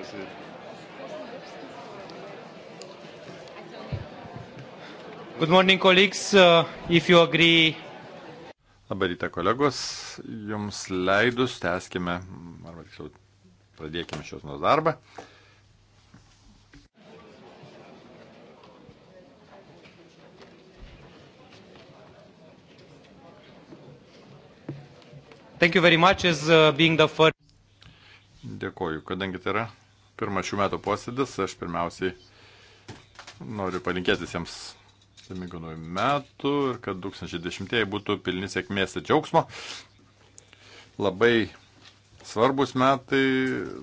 passiert. Good morning, colleagues. Uh, if you agree. Labai ryte, kolegos. Jums leidus, tęskime, arba tiksliau, pradėkime šios nuo darbą. Thank you very much as uh, being the first. Dėkoju, kadangi tai yra pirmas šių metų posėdis. Aš pirmiausiai noriu palinkėti visiems laimingų naujų metų ir kad 2010-ieji būtų pilni sėkmės ir džiaugsmo. Labai svarbus metai,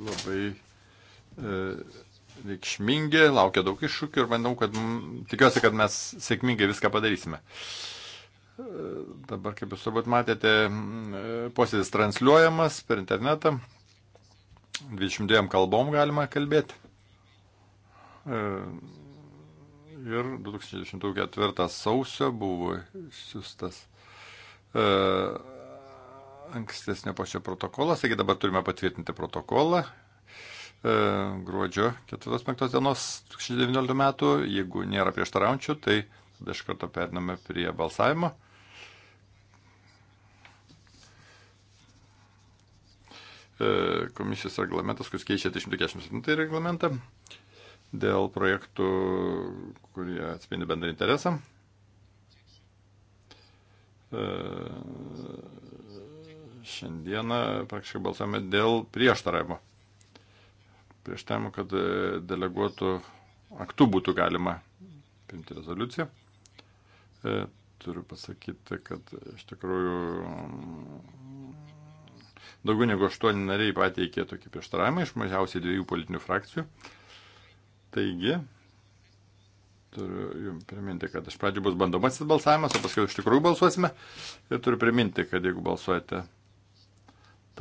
labai e, reikšmingi, laukia daug iššūkių ir manau, kad m, tikiuosi, kad mes sėkmingai viską padarysime. E, dabar, kaip jūs turbūt matėte, e, posėdis transliuojamas per internetą. 22 kalbom galima kalbėti. E, ir 2024 sausio buvo siūstas e, ankstesnio pačio protokolas, taigi dabar turime patvirtinti protokolą e, gruodžio 4-5 dienos 2019 metų, jeigu nėra prieštaraujančių, tai tada iš karto periname prie balsavimo. E, komisijos reglamentas, kuris keičia 347 reglamentą dėl projektų, kurie atspindi bendrą interesą. E, šiandieną praktiškai balsavome dėl prieštaravimo. Prieštaravimo, kad e, deleguotų aktų būtų galima priimti rezoliuciją. Turiu pasakyti, kad iš tikrųjų Daugiau negu aštuoni nariai pateikė tokį prieštaravimą iš mažiausiai dviejų politinių frakcijų. Taigi, turiu jums priminti, kad iš pradžių bus bandomasis balsavimas, o paskui iš tikrųjų balsuosime. Ir turiu priminti, kad jeigu balsuojate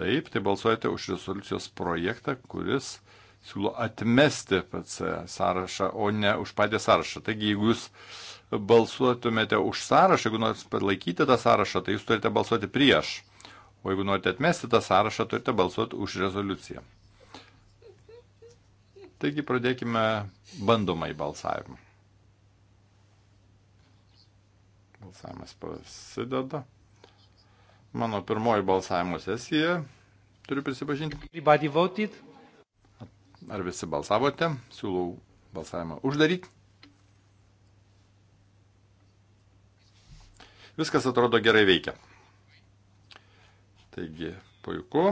taip, tai balsuojate už rezoliucijos projektą, kuris siūlo atmesti pats sąrašą, o ne už patį sąrašą. Taigi, jeigu jūs balsuotumėte už sąrašą, jeigu norite palaikyti tą sąrašą, tai jūs turite balsuoti prieš. O jeigu norite atmesti tą sąrašą, turite balsuoti už rezoliuciją. Taigi pradėkime bandomai balsavimą. Balsavimas prasideda. Mano pirmoji balsavimo sesija. Turiu prisipažinti. Ar visi balsavote? Siūlau balsavimą uždaryti. Viskas atrodo gerai veikia. Taigi, puiku.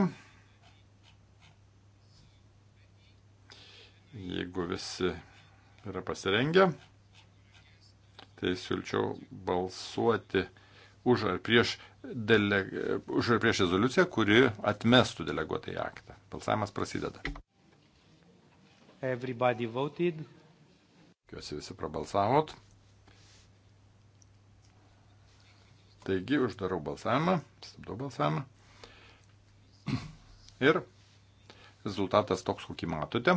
Jeigu visi yra pasirengę, tai siūlyčiau balsuoti už ar prieš, dele, už ar prieš rezoliuciją, kuri atmestų deleguotąjį aktą. Balsavimas prasideda. Everybody voted. Tikiuosi visi prabalsavot. Taigi uždarau balsavimą, stabdau balsavimą. Ir rezultatas toks, kokį matote.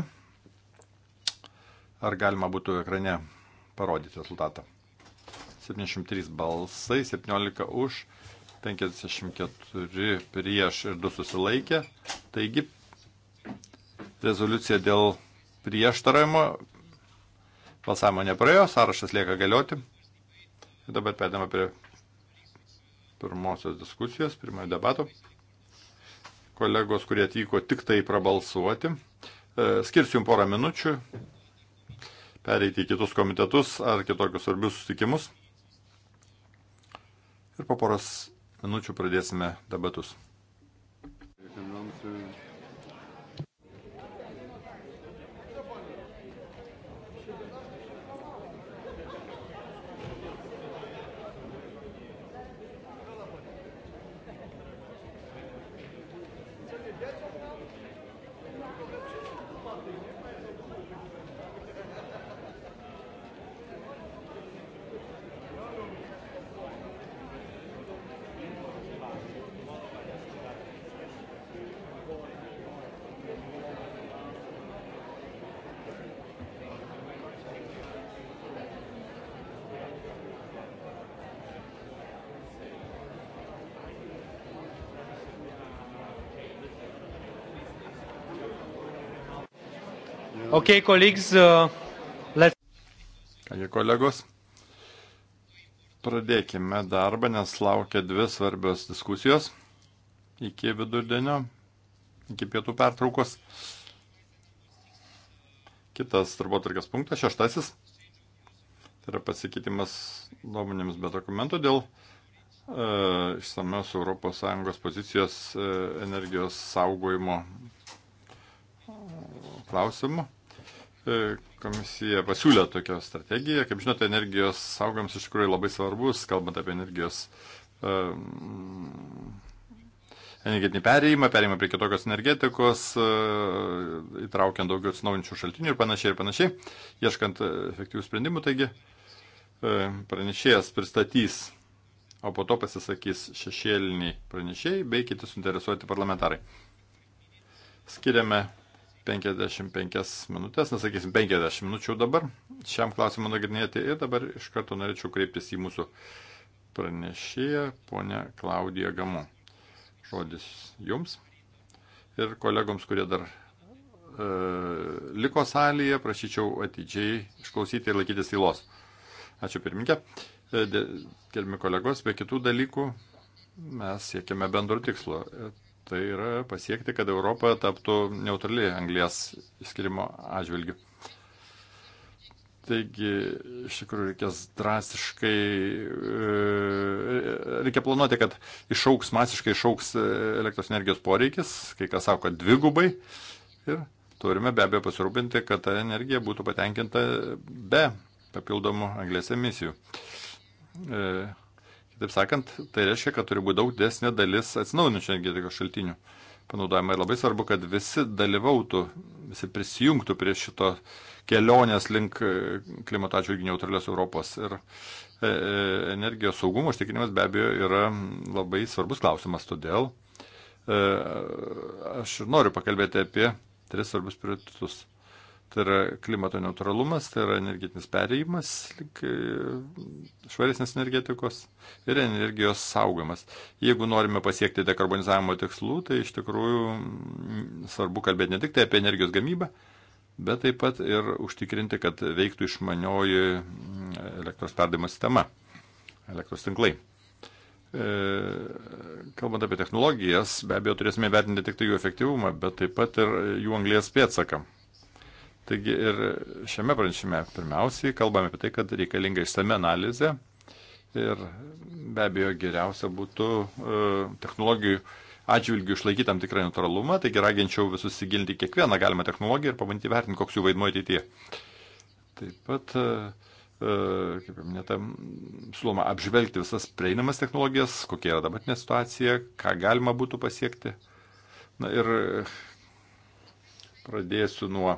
Ar galima būtų ekrane parodyti rezultatą? 73 balsai, 17 už, 54 prieš ir 2 susilaikė. Taigi rezoliucija dėl prieštaravimo balsavimo nepraėjo, sąrašas lieka galioti. Ir dabar pėdama prie pirmosios diskusijos, pirmojo debato kolegos, kurie atvyko tik tai prabalsuoti. E, skirsiu jums porą minučių, pereiti į kitus komitetus ar kitokius svarbius susitikimus. Ir po poros minučių pradėsime debatus. Okay, colleagues, uh, let's... Kągi kolegos, pradėkime darbą, nes laukia dvi svarbios diskusijos iki vidurdienio, iki pietų pertraukos. Kitas darbotvarkės punktas, šeštasis, tai yra pasikeitimas nuomonėms be dokumentų dėl e, išsamios ES pozicijos e, energijos saugojimo e, klausimų. E, komisija pasiūlė tokią strategiją. Kaip žinote, energijos saugams iš tikrųjų labai svarbus, kalbant apie energijos e, energetinį perėjimą, perėjimą prie kitokios energetikos, e, įtraukiant daugiau atsinaujinčių šaltinių ir panašiai ir panašiai, ieškant efektyvių sprendimų. Taigi pranešėjas pristatys, o po to pasisakys šešėliniai pranešėjai bei kiti suinteresuoti parlamentarai. Skiriame 55 minutės, nesakysim 50 minučių dabar šiam klausimui nagrinėti ir dabar iš karto norėčiau kreiptis į mūsų pranešėją, ponę Klaudiją Gamu. Žodis jums ir kolegoms, kurie dar e, liko salėje, prašyčiau atidžiai išklausyti ir laikytis tylos. Ačiū pirmininkė. E, Gerbimi kolegos, be kitų dalykų mes siekime bendro tikslo. Tai yra pasiekti, kad Europa taptų neutrali anglės įskirimo atžvilgių. Taigi, iš tikrųjų, reikės drastiškai, e, reikia planuoti, kad išauks, masiškai išauks elektros energijos poreikis, kai kas sako, kad dvigubai. Ir turime be abejo pasirūpinti, kad ta energija būtų patenkinta be papildomų anglės emisijų. E, Kitaip sakant, tai reiškia, kad turi būti daug desnė dalis atsinaujinančių energetikos šaltinių panaudojama. Ir labai svarbu, kad visi dalyvautų, visi prisijungtų prie šito kelionės link e, klimato atžvilgių neutralios Europos. Ir e, e, energijos saugumo užtikrinimas be abejo yra labai svarbus klausimas. Todėl aš noriu pakalbėti apie tris svarbus prioritetus. Tai yra klimato neutralumas, tai yra energetinis perėjimas, e, švaresnės energetikos ir energijos saugomas. Jeigu norime pasiekti dekarbonizavimo tikslų, tai iš tikrųjų svarbu kalbėti ne tik tai apie energijos gamybą, bet taip pat ir užtikrinti, kad veiktų išmanioji elektros perdavimo sistema, elektros tinklai. E, kalbant apie technologijas, be abejo, turėsime vertinti tik tai jų efektyvumą, bet taip pat ir jų anglės pėtsaką. Taigi ir šiame pranešime pirmiausiai kalbame apie tai, kad reikalinga išsame analizė ir be abejo geriausia būtų e, technologijų atžvilgių išlaikyti tam tikrą neutralumą, taigi raginčiau visus įsigilinti kiekvieną galimą technologiją ir pabandyti vertinti, koks jų vaidmuo ateityje. Taip pat, e, e, kaip jau minėta, siūloma apžvelgti visas prieinamas technologijas, kokia yra dabartinė situacija, ką galima būtų pasiekti. Na ir pradėsiu nuo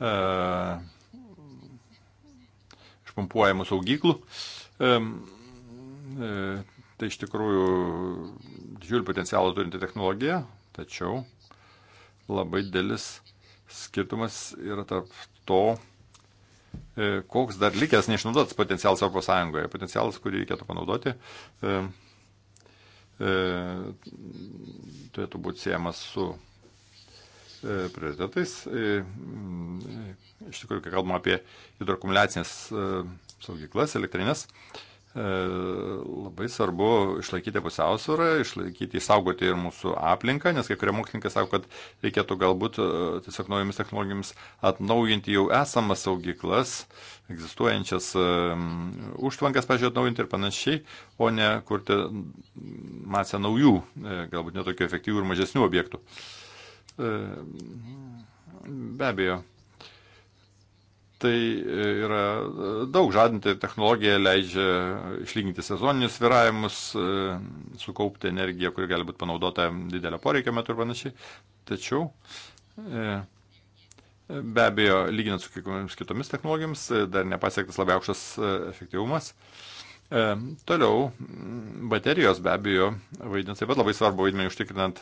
E, išpumpuojamų saugyklų. E, e, tai iš tikrųjų didžiulį potencialą turinti technologija, tačiau labai didelis skirtumas yra tarp to, koks dar likęs neišnaudotas potencialas Europos Sąjungoje, potencialas, kurį reikėtų panaudoti, e, e, turėtų būti siejamas su E, prioritetais. E, iš tikrųjų, kai kalbam apie hidroakumuliacinės e, saugyklas, elektrinės, labai svarbu išlaikyti pusiausvyrą, išlaikyti, įsaugoti ir mūsų aplinką, nes kai kurie mokslininkai sako, kad reikėtų galbūt tiesiog naujomis technologijomis atnaujinti jau esamas saugyklas, egzistuojančias užtvankas, pažiūrėjau, atnaujinti ir panašiai, o ne kurti masę naujų, galbūt netokių efektyvių ir mažesnių objektų. Uh, E, be abejo. Tai e, yra e, daug žadinti technologija, leidžia išlyginti sezoninius sviravimus, sukaupti energiją, kuri gali būti panaudota didelio poreikio metu ir panašiai. Tačiau be abejo, lyginant su kiekvienomis kitomis technologijomis, dar nepasiektas labai aukštas efektyvumas. Toliau, baterijos be abejo vaidins taip pat labai svarbu vaidmenį užtikrinant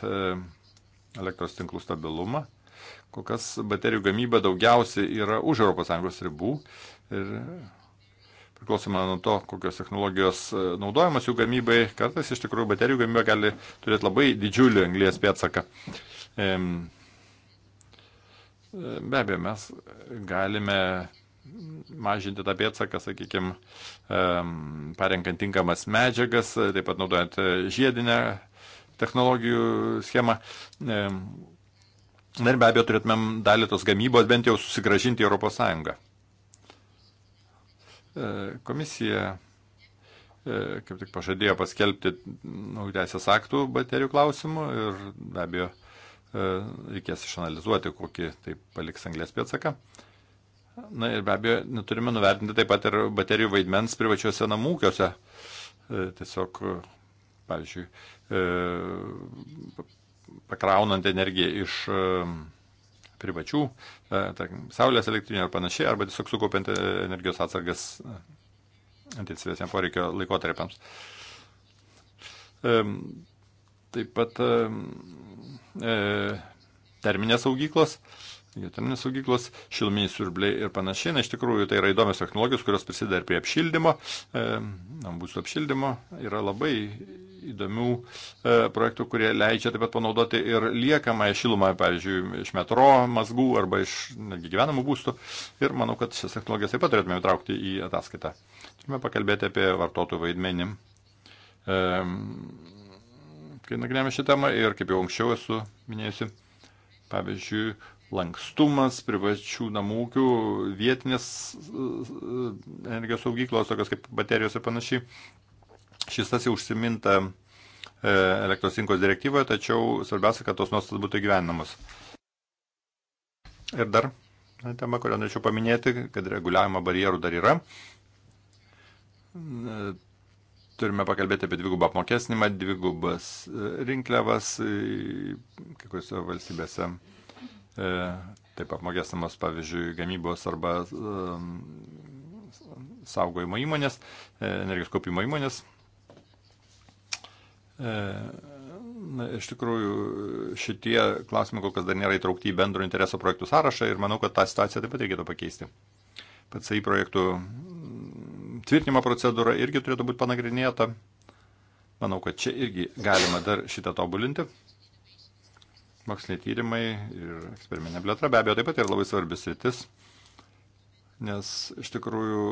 elektros tinklų stabilumą. Kol kas baterijų gamyba daugiausiai yra už ES ribų ir priklausomai nuo to, kokios technologijos e, naudojamas jų gamybai, kartais iš tikrųjų baterijų gamyba gali turėti labai didžiulį anglijas pėtsaką. E, be abejo, mes galime mažinti tą pėtsaką, sakykime, parenkant tinkamas medžiagas, taip pat naudojant e, žiedinę technologijų schemą. E, na ir be abejo turėtumėm dalį tos gamybos bent jau susigražinti į ES. E, komisija e, kaip tik pažadėjo paskelbti naujų teisės aktų baterijų klausimų ir be abejo reikės išanalizuoti, kokį tai paliks anglės pėtsaką. Na ir be abejo, neturime nuvertinti taip pat ir baterijų vaidmens privačiuose namūkiuose. Tiesiog pavyzdžiui, e, pakraunant energiją iš e, privačių, e, tarkim, saulės elektrinio ar panašiai, arba tiesiog sukaupiant energijos atsargas intensyvesniam poreikio laikotarpiams. Taip pat terminės saugyklos, geoterminės saugyklos, šiluminiai siurbliai ir panašiai. Na, iš tikrųjų, tai yra įdomios technologijos, kurios prisideda ir prie apšildymo, e, būstų apšildymo, yra labai įdomių e, projektų, kurie leidžia taip pat panaudoti ir liekamąją šilumą, pavyzdžiui, iš metro mazgų arba iš netgi gyvenamų būstų. Ir manau, kad šias technologijas taip pat turėtume įtraukti į ataskaitą. Turime pakalbėti apie vartotojų vaidmenį. E, kai nagrinėjame šitą temą ir kaip jau anksčiau esu minėjusi, pavyzdžiui, lankstumas privačių namų ūkių, vietinės e, e, energijos saugyklos, tokios kaip baterijos ir panašiai, Šis tas jau užsiminta e, elektros rinkos direktyvoje, tačiau svarbiausia, kad tos nuostatos būtų gyvenamos. Ir dar tema, kurią norėčiau paminėti, kad reguliavimo barjerų dar yra. E, turime pakalbėti apie dvigubą apmokesnimą, dvigubas e, rinkliavas kai kuriuose valstybėse. Taip apmokestinamas, pavyzdžiui, gamybos arba saugojimo įmonės, energijos kaupimo įmonės. E, na, iš tikrųjų, šitie klausimai kol kas dar nėra įtraukti į bendro intereso projektų sąrašą ir manau, kad tą situaciją taip pat reikėtų pakeisti. PCI projektų mm, tvirtinimo procedūra irgi turėtų būti panagrinėta. Manau, kad čia irgi galima dar šitą tobulinti. Moksliniai tyrimai ir eksperimentinė plėtra be abejo taip pat yra labai svarbis rytis, nes iš tikrųjų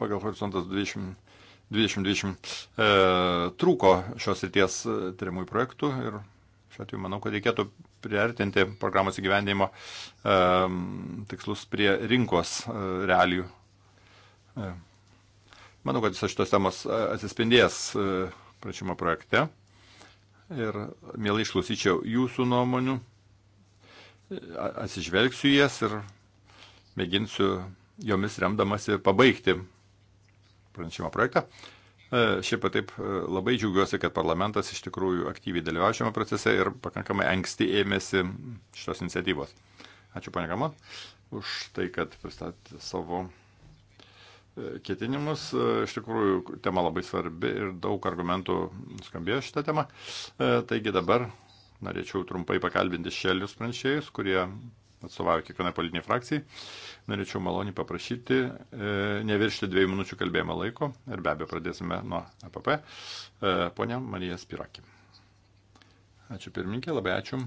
pagal horizontas 20 2020 e, trūko šios ryties e, tyrimųjų projektų ir šiuo atveju manau, kad reikėtų priartinti programos įgyvendėjimo e, tikslus prie rinkos e, realijų. E, manau, kad visos šitos temos e, atsispindės e, prašymo projekte ir mielai išklausyčiau jūsų nuomonių, e, atsižvelgsiu jas ir mėginsiu jomis remdamasi pabaigti pranešimo projektą. E, šiaip taip e, labai džiaugiuosi, kad parlamentas iš tikrųjų aktyviai dalyvavo šiame procese ir pakankamai anksti ėmėsi šios iniciatyvos. Ačiū, pane Kama, už tai, kad pristatė savo e, ketinimus. Iš tikrųjų, tema labai svarbi ir daug argumentų skambėjo šitą temą. Taigi dabar norėčiau trumpai pakalbinti šelnius pranešėjus, kurie atstovauju kiekvienai politiniai frakcijai, norėčiau maloniai paprašyti e, neviršti dviejų minučių kalbėjimo laiko ir be abejo pradėsime nuo APP. E, ponia Marija Spirakė. Ačiū pirmininkė, labai ačiū.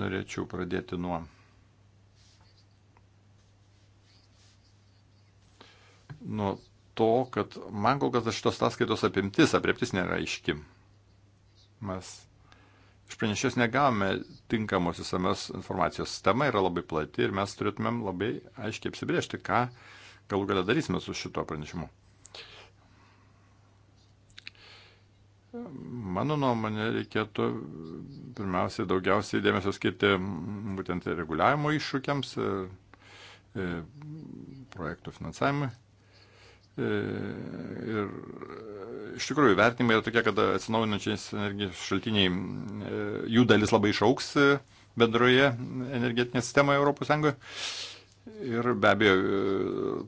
Norėčiau pradėti nuo nuo to, kad man kol kas šitos sąskaitos apimtis, apreptis nėra aiški. Mes Iš pranešės negavome tinkamos įsamios informacijos. Tema yra labai plati ir mes turėtumėm labai aiškiai apsibriežti, ką galų galę darysime su šito pranešimu. Mano nuomonė, reikėtų pirmiausiai daugiausiai dėmesio skirti būtent reguliavimo iššūkiams, e, e, projektų finansavimui. E, ir e, iš tikrųjų vertinimai yra tokie, kad atsinaujinančiais energijos šaltiniai e, jų dalis labai išauks bendroje energetinėje sistemoje ES. Ir be abejo,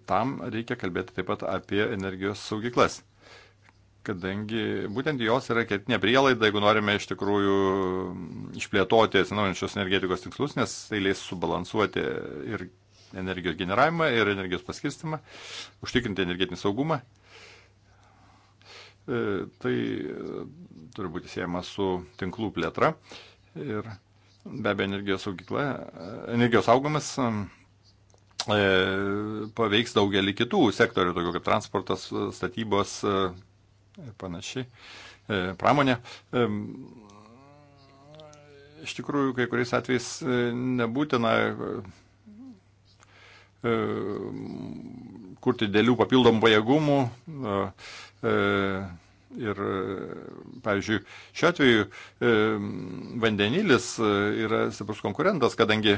tam reikia kalbėti taip pat apie energijos saugyklas. Kadangi būtent jos yra ketinė prielaida, jeigu norime iš tikrųjų išplėtoti atsinaujančios energetikos tikslus, nes tai leis subalansuoti ir energijos generavimą ir energijos paskirstimą, užtikrinti energetinį saugumą. E, tai e, turi būti siejama su tinklų plėtra ir be abejo energijos saugykla, e, energijos augomas paveiks daugelį kitų sektorių, tokių kaip transportas, statybos ir panašiai, pramonė iš tikrųjų kai kuriais atvejais nebūtina E, kurti dėlių papildomų pajėgumų. E, e, ir, pavyzdžiui, šiuo atveju e, vandenilis yra stiprus konkurentas, kadangi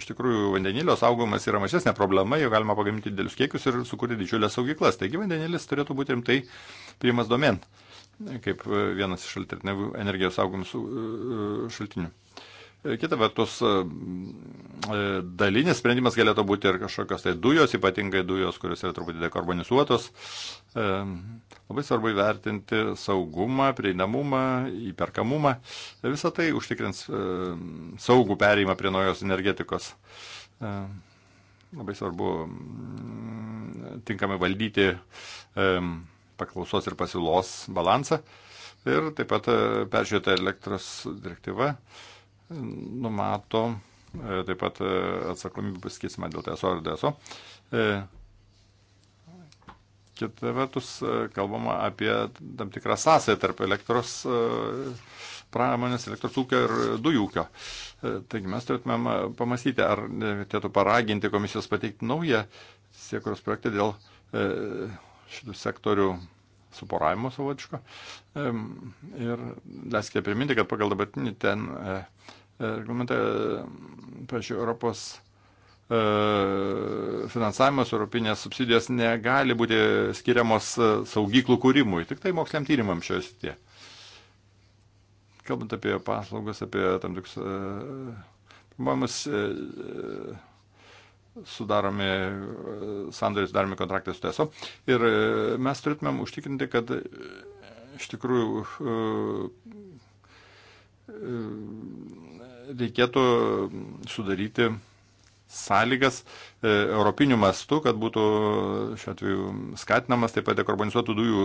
iš tikrųjų vandenilio saugomas yra mažesnė problema, jo galima pagaminti didelius kiekius ir sukurti didžiulės saugyklas. Taigi vandenilis turėtų būti rimtai priimas domen kaip vienas iš energijos saugomų šaltinių. E, kita vertus, e, e, dalinis sprendimas galėtų būti ir kažkokios tai dujos, ypatingai dujos, kurios yra truputį dekarbonizuotos. Labai svarbu įvertinti saugumą, prieinamumą, įperkamumą. Visą tai užtikrins saugų perėjimą prie naujos energetikos. Labai svarbu mm, tinkamai valdyti paklausos ir pasiūlos balansą. Ir taip pat peržiūrėta elektros direktyva numato e, taip pat e, atsakomybė paskirsima dėl TSO ir DSO. E, kita vertus, kalbama apie tam tikrą sąsąją tarp elektros pramonės, elektros ūkio ir dujų ūkio. Taigi mes turėtumėm pamastyti, ar reikėtų paraginti komisijos pateikti naują siekros projektą dėl šitų sektorių suporavimo savotiško. Ir leiskite priminti, kad pagal dabartinį ten e, e, reglamentą, e, pažiūrėjau, Europos finansavimas, europinės subsidijos negali būti skiriamos saugyklų kūrimui, tik tai moksliam tyrimam šioje srityje. Kalbant apie paslaugas, apie tam tikrus, pirmamus, sudaromi e, sandoriai, sudaromi kontraktai su TESO. Ir e, mes turėtumėm užtikrinti, kad e, iš tikrųjų reikėtų sudaryti sąlygas europinių mastų, kad būtų šiuo atveju skatinamas taip pat dekarbonizuotų dujų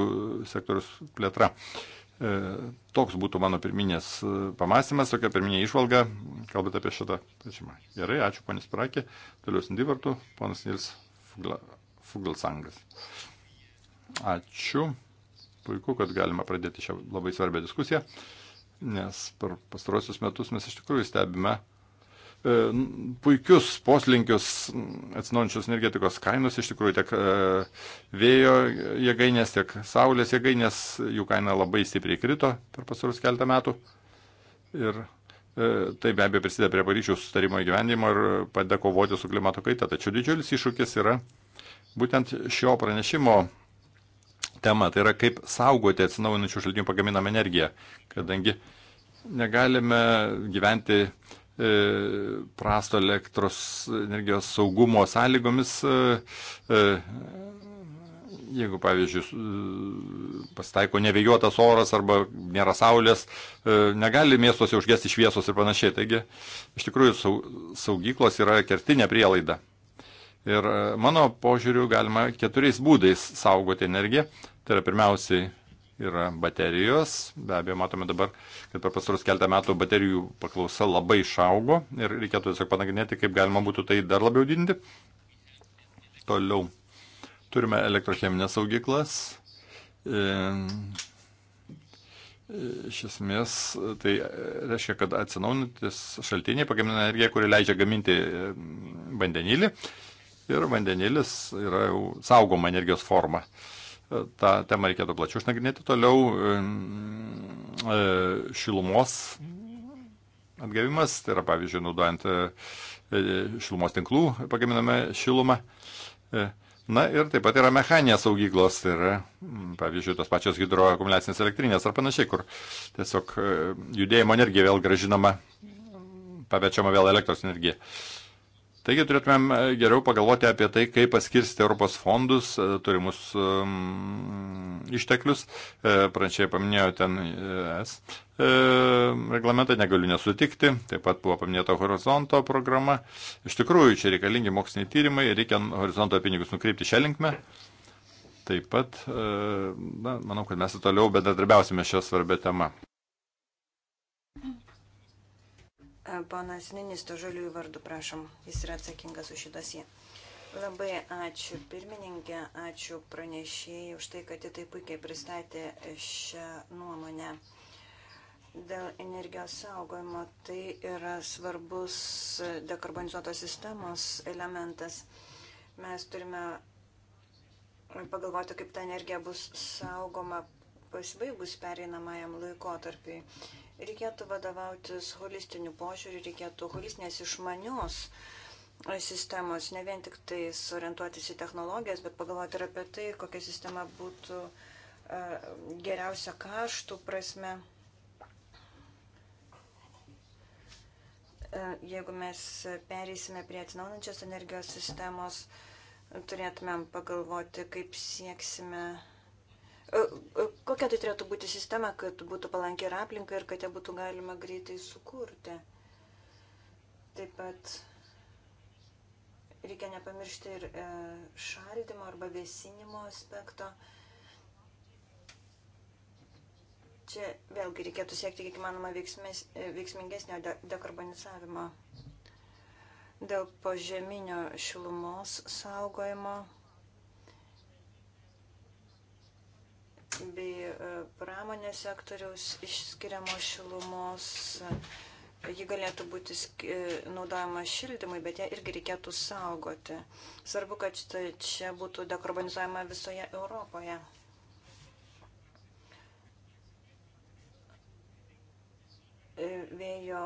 sektorius plėtra. E, E, toks būtų mano pirminės e, pamastymas, tokia pirminė išvalga, kalbant apie šitą pažymą. Gerai, ačiū ponis Prakė, toliau Sindivartų, ponas Nils Fugelsangas. Ačiū, puiku, kad galima pradėti šią labai svarbią diskusiją, nes per pastarosius metus mes iš tikrųjų stebime uh, E, puikius poslinkius atsinaujančios energetikos kainos, iš tikrųjų tiek e, vėjo jėgainės, tiek saulės jėgainės, jų kaina labai stipriai krito per pasarus keltą metų. Ir e, tai be abejo prisideda prie Paryžiaus sustarimo įgyvendimo ir padeda kovoti su klimato kaita. Tačiau didžiulis iššūkis yra būtent šio pranešimo tema, tai yra kaip saugoti atsinaujinančių šaltinių pagaminamą energiją, kadangi negalime gyventi E, prasto elektros energijos saugumo sąlygomis, e, e, jeigu, pavyzdžiui, pasitaiko nevėjuotas oras arba nėra saulės, negali miestuose užgesti šviesos ir panašiai. Taigi, iš tikrųjų, saugyklos yra kertinė prielaida. Ir mano požiūriu galima keturiais būdais saugoti energiją. Tai yra pirmiausiai yra baterijos. Be abejo, matome dabar, kad per pastarus keltą metų baterijų paklausa labai išaugo ir reikėtų tiesiog panagrinėti, kaip galima būtų tai dar labiau didinti. Toliau. Turime elektrocheminės saugyklas. E, e, iš esmės, tai reiškia, kad atsinaujantis šaltiniai pagamina energiją, kuri leidžia gaminti e, vandenilį. Ir vandenilis yra jau saugoma energijos forma. E, tą temą reikėtų plačiau išnagrinėti toliau. E, šilumos atgavimas, tai yra pavyzdžiui, naudojant e, e, šilumos tinklų pagaminame šilumą. Na ir taip pat yra mechaninės saugyklos, tai yra, pavyzdžiui, tos pačios hidroakumuliacinės elektrinės ar panašiai, kur tiesiog judėjimo energija vėl gražinama, pavečiama vėl elektros energija. Uh, Taigi turėtumėm e, geriau pagalvoti apie tai, kaip paskirsti Europos fondus, e, turimus um, išteklius. E, Prančiai paminėjo ten e, ES e, reglamentą, negaliu nesutikti. Taip pat buvo paminėta horizonto programa. Iš tikrųjų, čia reikalingi moksliniai tyrimai, reikia horizonto pinigus nukreipti šią linkmę. Taip pat, e, na, manau, kad mes toliau bedarbiausime šią svarbę temą. Ponas Ministro Žaliųjų vardu, prašom, jis yra atsakingas už šitas jį. Labai ačiū pirmininkė, ačiū pranešėjai už tai, kad jie taip puikiai pristatė šią nuomonę. Dėl energijos saugojimo tai yra svarbus dekarbonizuotos sistemos elementas. Mes turime pagalvoti, kaip ta energija bus saugoma pasibaigus pereinamajam laikotarpiui. Reikėtų vadovautis holistiniu požiūriu, reikėtų holistinės išmanios sistemos, ne vien tik tai orientuotis į technologijas, bet pagalvoti ir apie tai, kokia sistema būtų e, geriausia kaštų prasme. E, jeigu mes perėsime prie atsinaujančios energijos sistemos, turėtumėm pagalvoti, kaip sieksime E, e, kokia tai turėtų būti sistema, kad būtų palanki ir aplinka ir kad ją būtų galima greitai sukurti? Taip pat reikia nepamiršti ir e, šaldimo arba vėsinimo aspekto. Čia vėlgi reikėtų siekti kiek įmanoma veiksmės, veiksmingesnio dekarbonizavimo dėl požeminio šilumos saugojimo. bei e, pramonės sektoriaus išskiriamos šilumos. Ji galėtų būti e, naudojama šildymui, bet ją irgi reikėtų saugoti. Svarbu, kad čia būtų dekarbonizuojama visoje Europoje. E, vėjo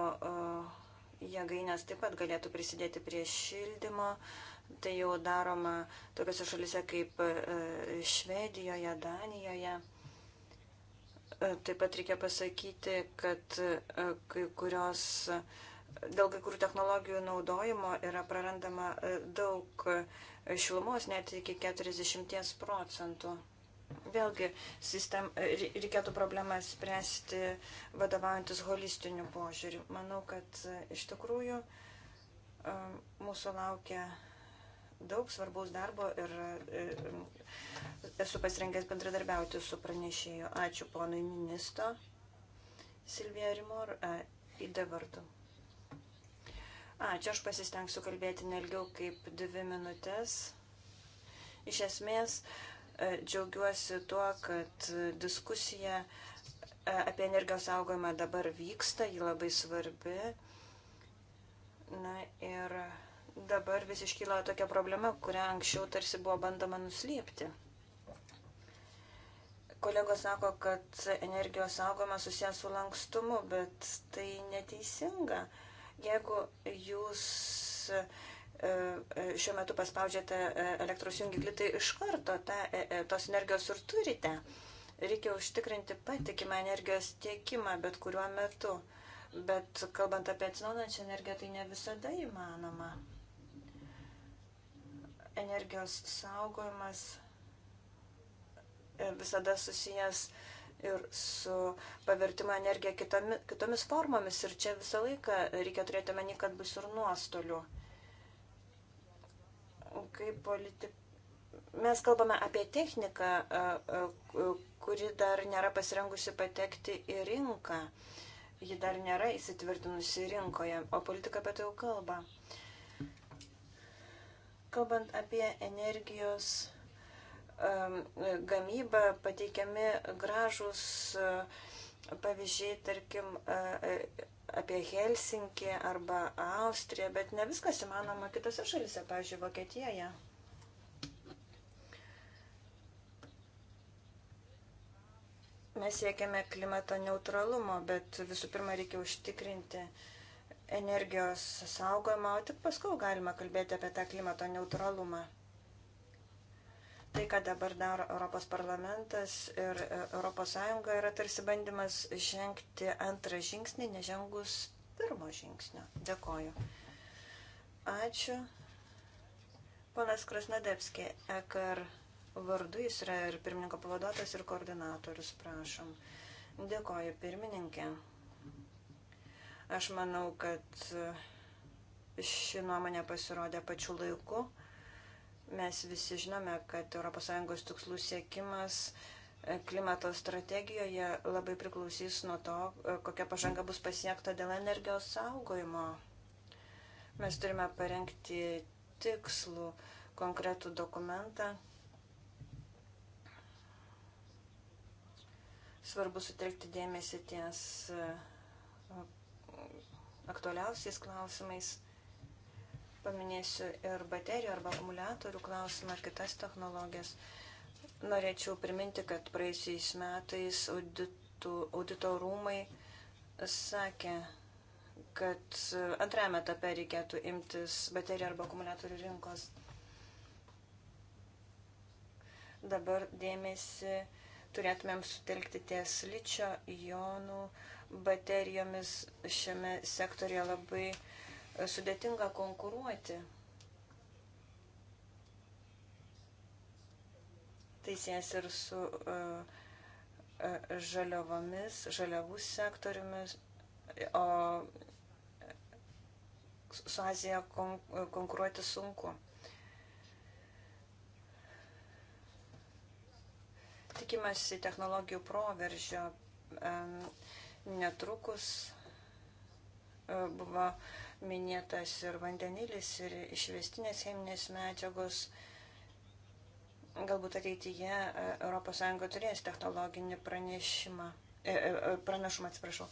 jėgainės taip pat galėtų prisidėti prie šildymo. Uh, Tai jau daroma tokiuose šalise kaip e, Švedijoje, Danijoje. E, taip pat reikia pasakyti, kad e, kai kurios, dėl kai kurių technologijų naudojimo yra prarandama daug šilumos, net iki 40 procentų. Vėlgi, sistem, reikėtų problemą spręsti vadovaujantis holistiniu požiūriu. Manau, kad iš tikrųjų mūsų laukia daug svarbaus darbo ir e, esu pasirengęs bendradarbiauti su pranešėju. Ačiū ponui ministro Silvija Rimor e, į dabartų. Ačiū, aš pasistengsiu kalbėti nelgiau kaip dvi minutės. Iš esmės, e, džiaugiuosi tuo, kad diskusija apie energijos saugojimą dabar vyksta, ji labai svarbi. Na ir dabar vis iškyla tokia problema, kurią anksčiau tarsi buvo bandoma nuslėpti. Kolegos sako, kad energijos saugoma susijęs su lankstumu, bet tai neteisinga. Jeigu jūs e, e, šiuo metu paspaudžiate e, elektros jungiklį, tai iš karto ta, tos energijos ir turite. Reikia užtikrinti patikimą energijos tiekimą bet kuriuo metu. Bet kalbant apie atsinaunančią energiją, tai ne visada įmanoma energijos saugojimas e, visada susijęs ir su pavertimo energija kitomis, kitomis formomis. Ir čia visą laiką reikia turėti meni, kad bus ir nuostolių. Kaip politik... Mes kalbame apie techniką, e, e, kuri dar nėra pasirengusi patekti į rinką. Ji dar nėra įsitvirtinusi rinkoje, o politika apie tai jau kalba. Uh, Kalbant apie energijos um, gamybą, pateikiami gražus uh, pavyzdžiai, tarkim, uh, uh, apie Helsinkį arba Austriją, bet ne viskas įmanoma kitose šalise, pavyzdžiui, Vokietijoje. Mes siekiame klimato neutralumo, bet visų pirma reikia užtikrinti uh, energijos saugojimą, o tik paskui galima kalbėti apie tą klimato neutralumą. Tai, ką dabar daro Europos parlamentas ir ES yra tarsi bandymas žengti antrą žingsnį, nežengus pirmo žingsnio. Dėkoju. Ačiū. Ponas Krasnodepskė, ekar vardu, jis yra ir pirmininko pavaduotas, ir koordinatorius, prašom. Dėkoju, pirmininkė. Aš manau, kad e, ši nuomonė pasirodė pačiu laiku. Mes visi žinome, kad ES tikslų siekimas e, klimato strategijoje labai priklausys nuo to, e, kokia pažanga bus pasiekta dėl energijos saugojimo. Mes turime parengti tikslų konkretų dokumentą. Svarbu sutelkti dėmesį ties uh, aktualiausiais klausimais. Paminėsiu ir baterijų arba akumuliatorių klausimą ar kitas technologijas. Norėčiau priminti, kad praeisiais metais auditų, audito rūmai sakė, kad antrajame etape reikėtų imtis baterijų arba akumuliatorių rinkos. Dabar dėmesį turėtumėm sutelkti ties ličio jonų baterijomis šiame sektorėje labai e, sudėtinga konkuruoti. Tai sės ir su uh, uh, žaliavomis, žaliavų sektoriumis, o su Azija kon, konkuruoti sunku. Tikimasi technologijų proveržio. Um, netrukus e, buvo minėtas ir vandenilis, ir išvestinės cheminės medžiagos. Galbūt ateityje ES turės technologinį pranešimą, e, e, pranašumą, atsiprašau.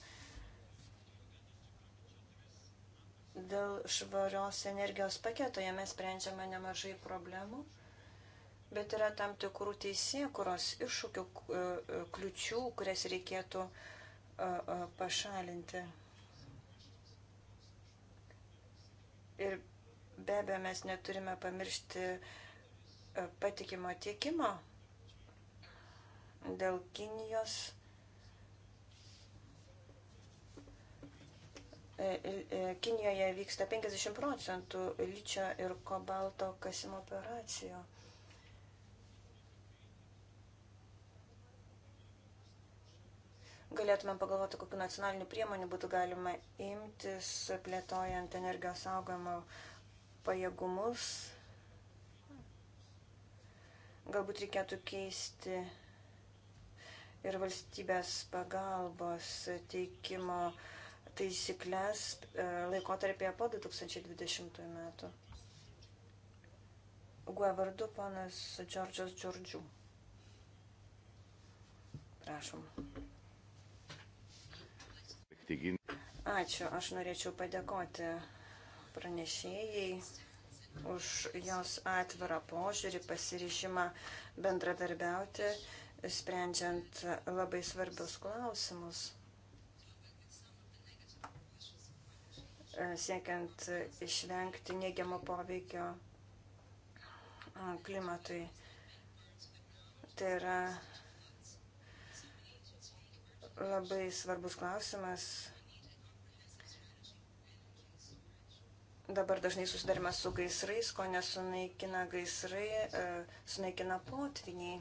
Dėl švarios energijos paketo jame sprendžiama nemažai problemų, bet yra tam tikrų teisėkuros iššūkių, kliučių, kurias reikėtų uh, pašalinti. Ir be abejo mes neturime pamiršti patikimo tiekimo dėl Kinijos e, e, e, Kinijoje vyksta 50 procentų lyčio ir kobalto kasimo operacijų. galėtume pagalvoti, kokiu nacionaliniu priemonių būtų galima imtis, plėtojant energijos saugojimo pajėgumus. Galbūt reikėtų keisti ir valstybės pagalbos teikimo taisyklės e, laikotarpėje po 2020 metų. Guo vardu panas Džordžas Džordžių. Prašom. Ačiū, aš norėčiau padėkoti pranešėjai už jos atvirą požiūrį, pasirišimą bendradarbiauti, sprendžiant labai svarbius klausimus, siekiant išvengti neigiamo poveikio klimatui. Tai yra labai svarbus klausimas. Dabar dažnai susidarime su gaisrais, ko nesunaikina gaisrai, e, sunaikina potviniai.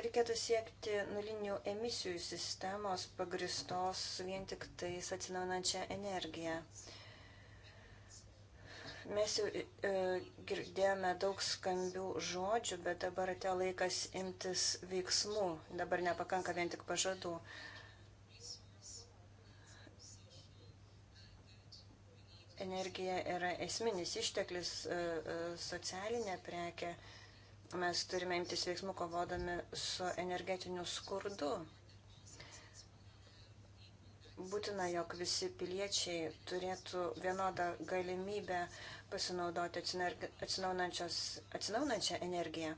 Reikėtų siekti nulinių emisijų sistemos pagristos vien tik tais atsinaunančią energiją. Mes jau e, e, girdėjome daug skambių žodžių, bet dabar atėjo laikas imtis veiksmų. Dabar nepakanka vien tik pažadų. Energija yra esminis išteklis, e, e, socialinė prekė. Mes turime imtis veiksmų kovodami su energetiniu skurdu būtina, jog visi piliečiai turėtų vienodą galimybę pasinaudoti atsinaunančią energiją.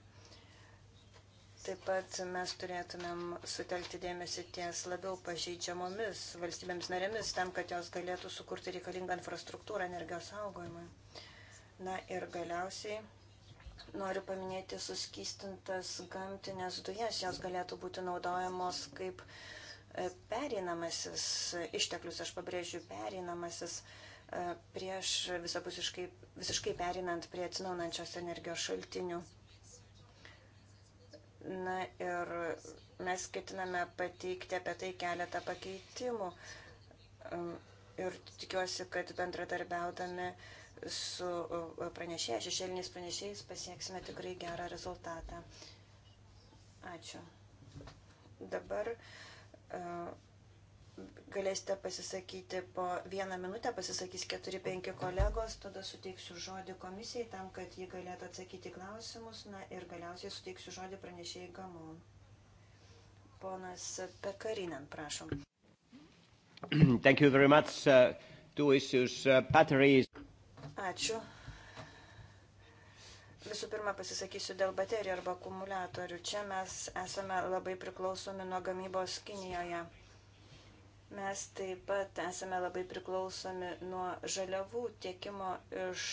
Taip pat mes turėtumėm sutelkti dėmesį ties labiau pažeidžiamomis valstybėms narėmis tam, kad jos galėtų sukurti reikalingą infrastruktūrą energijos saugojimui. Na ir galiausiai noriu paminėti suskystintas gamtinės dujas, jos galėtų būti naudojamos kaip e, pereinamasis išteklius, aš pabrėžiu, pereinamasis išteklius E, prieš visapusiškai, visiškai perinant prie atsinaunančios energijos šaltinių. Na ir mes ketiname pateikti apie tai keletą pakeitimų e, ir tikiuosi, kad bendradarbiaudami su e, pranešėjais, šešėliniais pranešėjais pasieksime tikrai gerą rezultatą. Ačiū. Dabar uh, galėsite pasisakyti po vieną minutę, pasisakys 4-5 kolegos, tada suteiksiu žodį komisijai tam, kad ji galėtų atsakyti klausimus, na ir galiausiai suteiksiu žodį pranešėjai Gamon. Ponas Pekarinen, prašom. Thank you very much. Uh, two issues, uh, batteries. Ačiū. Visų pirma, pasisakysiu dėl baterijų arba akumuliatorių. Čia mes esame labai priklausomi nuo gamybos Kinijoje. Mes taip pat esame labai priklausomi nuo žaliavų tiekimo iš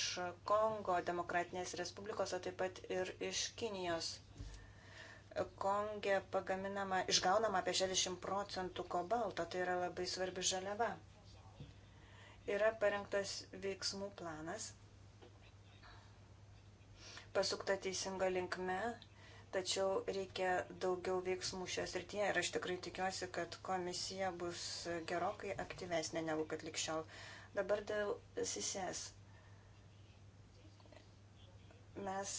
Kongo Demokratinės Respublikos, o taip pat ir iš Kinijos. Konge pagaminama, išgaunama apie 60 procentų kobalto, tai yra labai svarbi žaliava. Yra parengtas veiksmų planas, pasukta teisinga linkme tačiau reikia daugiau veiksmų šios rytyje ir aš tikrai tikiuosi, kad komisija bus gerokai aktyvesnė negu kad likščiau. Dabar dėl CCS. Mes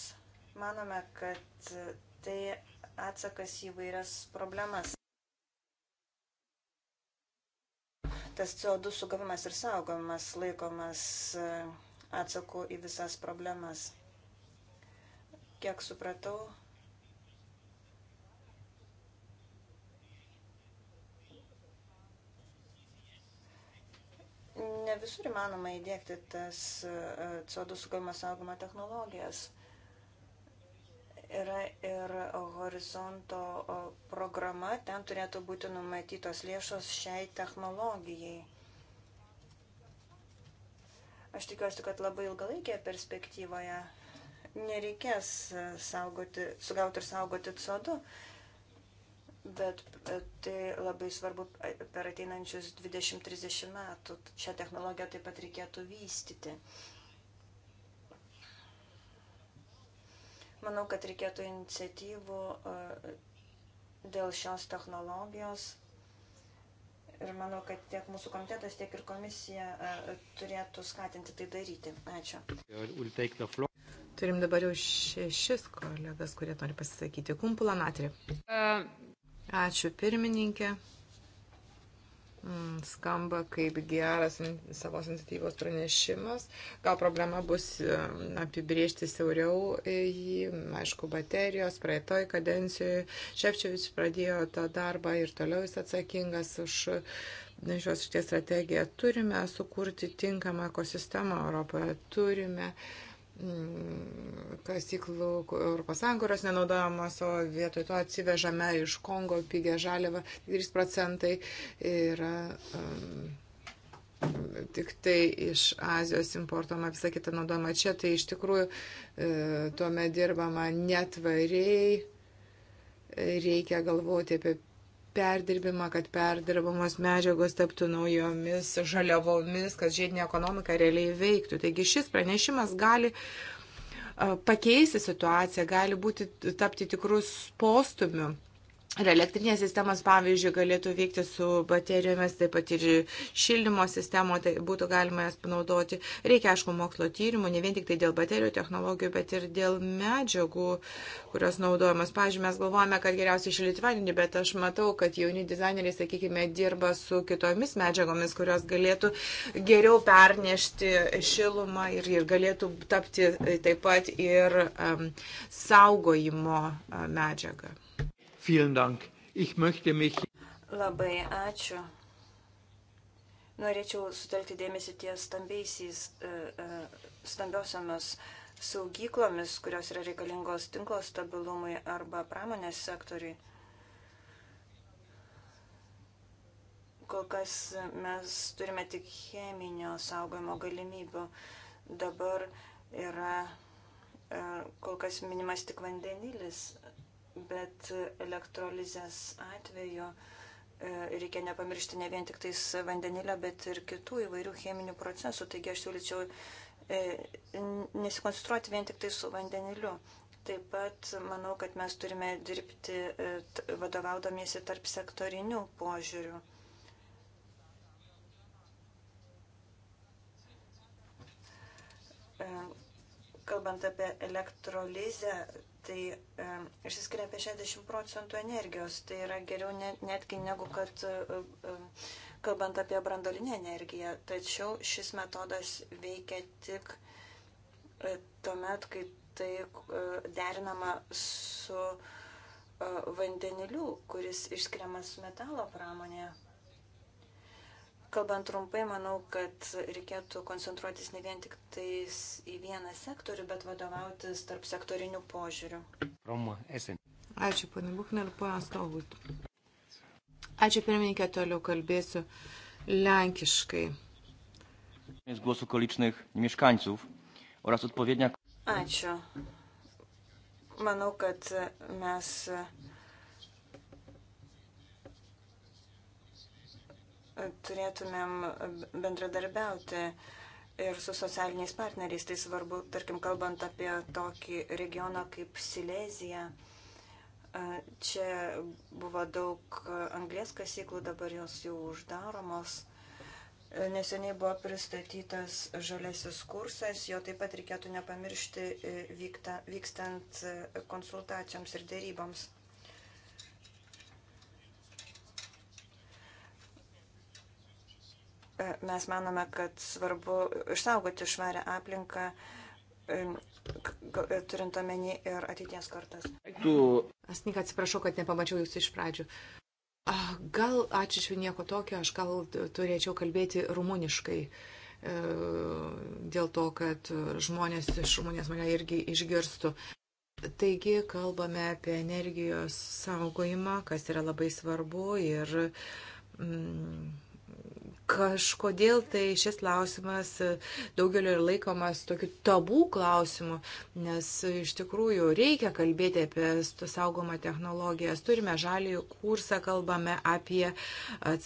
manome, kad tai atsakas į vairias problemas. Tas CO2 sugavimas ir saugomas laikomas e, atsaku į visas problemas. Kiek supratau, visur įmanoma įdėkti tas e, CO2 sugaimo saugimo technologijas. Yra ir horizonto programa, ten turėtų būti numatytos lėšos šiai technologijai. Aš tikiuosi, kad labai ilgalaikėje perspektyvoje nereikės e, saugoti, sugauti ir saugoti CO2, bet tai labai svarbu per ateinančius 20-30 metų. Šią technologiją taip pat reikėtų vystyti. Manau, kad reikėtų iniciatyvų dėl šios technologijos. Ir manau, kad tiek mūsų komitetas, tiek ir komisija turėtų skatinti tai daryti. Ačiū. Turim dabar jau šešis kolegas, kurie nori pasisakyti. Kumpulanatri. Uh. Ačiū pirmininkė. Mm, skamba kaip geras savos iniciatyvos pranešimas. Gal problema bus mm, apibriežti siauriau e, jį, aišku, baterijos. Praeitoj kadencijoje Šepčiovič pradėjo tą darbą ir toliau jis atsakingas už šios šties strategiją. Turime sukurti tinkamą ekosistemą Europoje, turime uh, Mm, kasyklų Europos Sąjungos nenaudojamos, o vietoj to atsivežame iš Kongo pigę žaliavą, 3 procentai yra um, tik tai iš Azijos importoma, visą kitą naudojama čia, tai iš tikrųjų e, tuome dirbama netvariai, reikia galvoti apie perdirbimą, kad perdirbamos medžiagos taptų naujomis žaliavomis, kad žiedinė ekonomika realiai veiktų. Taigi šis pranešimas gali pakeisti situaciją, gali būti, tapti tikrus postumiu Ir elektrinės sistemos, pavyzdžiui, galėtų veikti su baterijomis, taip pat ir šildymo sistemo, tai būtų galima jas panaudoti. Reikia, aišku, mokslo tyrimų, ne vien tik tai dėl baterijų technologijų, bet ir dėl medžiagų, kurios naudojamos. Pavyzdžiui, mes galvojame, kad geriausiai šildyti vandenį, bet aš matau, kad jauni dizaineriai, sakykime, dirba su kitomis medžiagomis, kurios galėtų geriau pernešti šilumą ir, ir galėtų tapti taip pat ir um, saugojimo uh, medžiagą. Vielen Dank. Ich möchte mich. Labai ačiū. Norėčiau sutelkti dėmesį ties stambiaisiais, e, e, stambiosiomis saugyklomis, kurios yra reikalingos tinklo stabilumui arba pramonės sektoriui. Kol kas mes turime tik cheminio saugojimo galimybių. Dabar yra e, kol kas minimas tik vandenilis bet elektrolizės atveju e, reikia nepamiršti ne vien tik tais vandenilio, bet ir kitų įvairių cheminių procesų. Taigi aš siūlyčiau e, nesikoncentruoti vien tik tai su vandeniliu. Taip pat manau, kad mes turime dirbti e, vadovaudomiesi tarp sektorinių požiūrių kalbant apie elektrolizę, tai um, išsiskiria apie 60 procentų energijos. Tai yra geriau ne, netgi negu kad um, kalbant apie brandolinę energiją. Tačiau šis metodas veikia tik tuomet, kai tai derinama su vandeniliu, kuris išskiriamas metalo pramonėje. Kalbant trumpai, manau, kad reikėtų koncentruotis ne vien tik tais į vieną sektorių, bet vadovautis tarp sektorinių požiūrių. Ačiū, ponė Buchner, ponas Togut. Ačiū, pirmininkė, toliau kalbėsiu lenkiškai. Ačiū. Manau, kad mes turėtumėm bendradarbiauti ir su socialiniais partneriais. Tai svarbu, tarkim, kalbant apie tokį regioną kaip Silezija. Čia buvo daug anglės kasyklų, dabar jos jau uždaromos. Neseniai buvo pristatytas žalesis kursas, jo taip pat reikėtų nepamiršti vykta, vykstant konsultacijoms ir dėryboms. mes manome, kad svarbu išsaugoti švarę aplinką, e, e, turint omeny ir ateities kartas. Tu... Asnik, atsiprašau, kad nepamačiau jūsų iš pradžių. Gal, ačiū iš nieko tokio, aš gal turėčiau kalbėti rumuniškai e, dėl to, kad žmonės iš Rumunijos mane irgi išgirstų. Taigi kalbame apie energijos saugojimą, kas yra labai svarbu ir mm, Kažkodėl tai šis klausimas e, daugelio ir laikomas tokiu tabų klausimu, nes iš tikrųjų reikia kalbėti apie saugomą technologijas. Turime žalį kursą, kalbame apie e,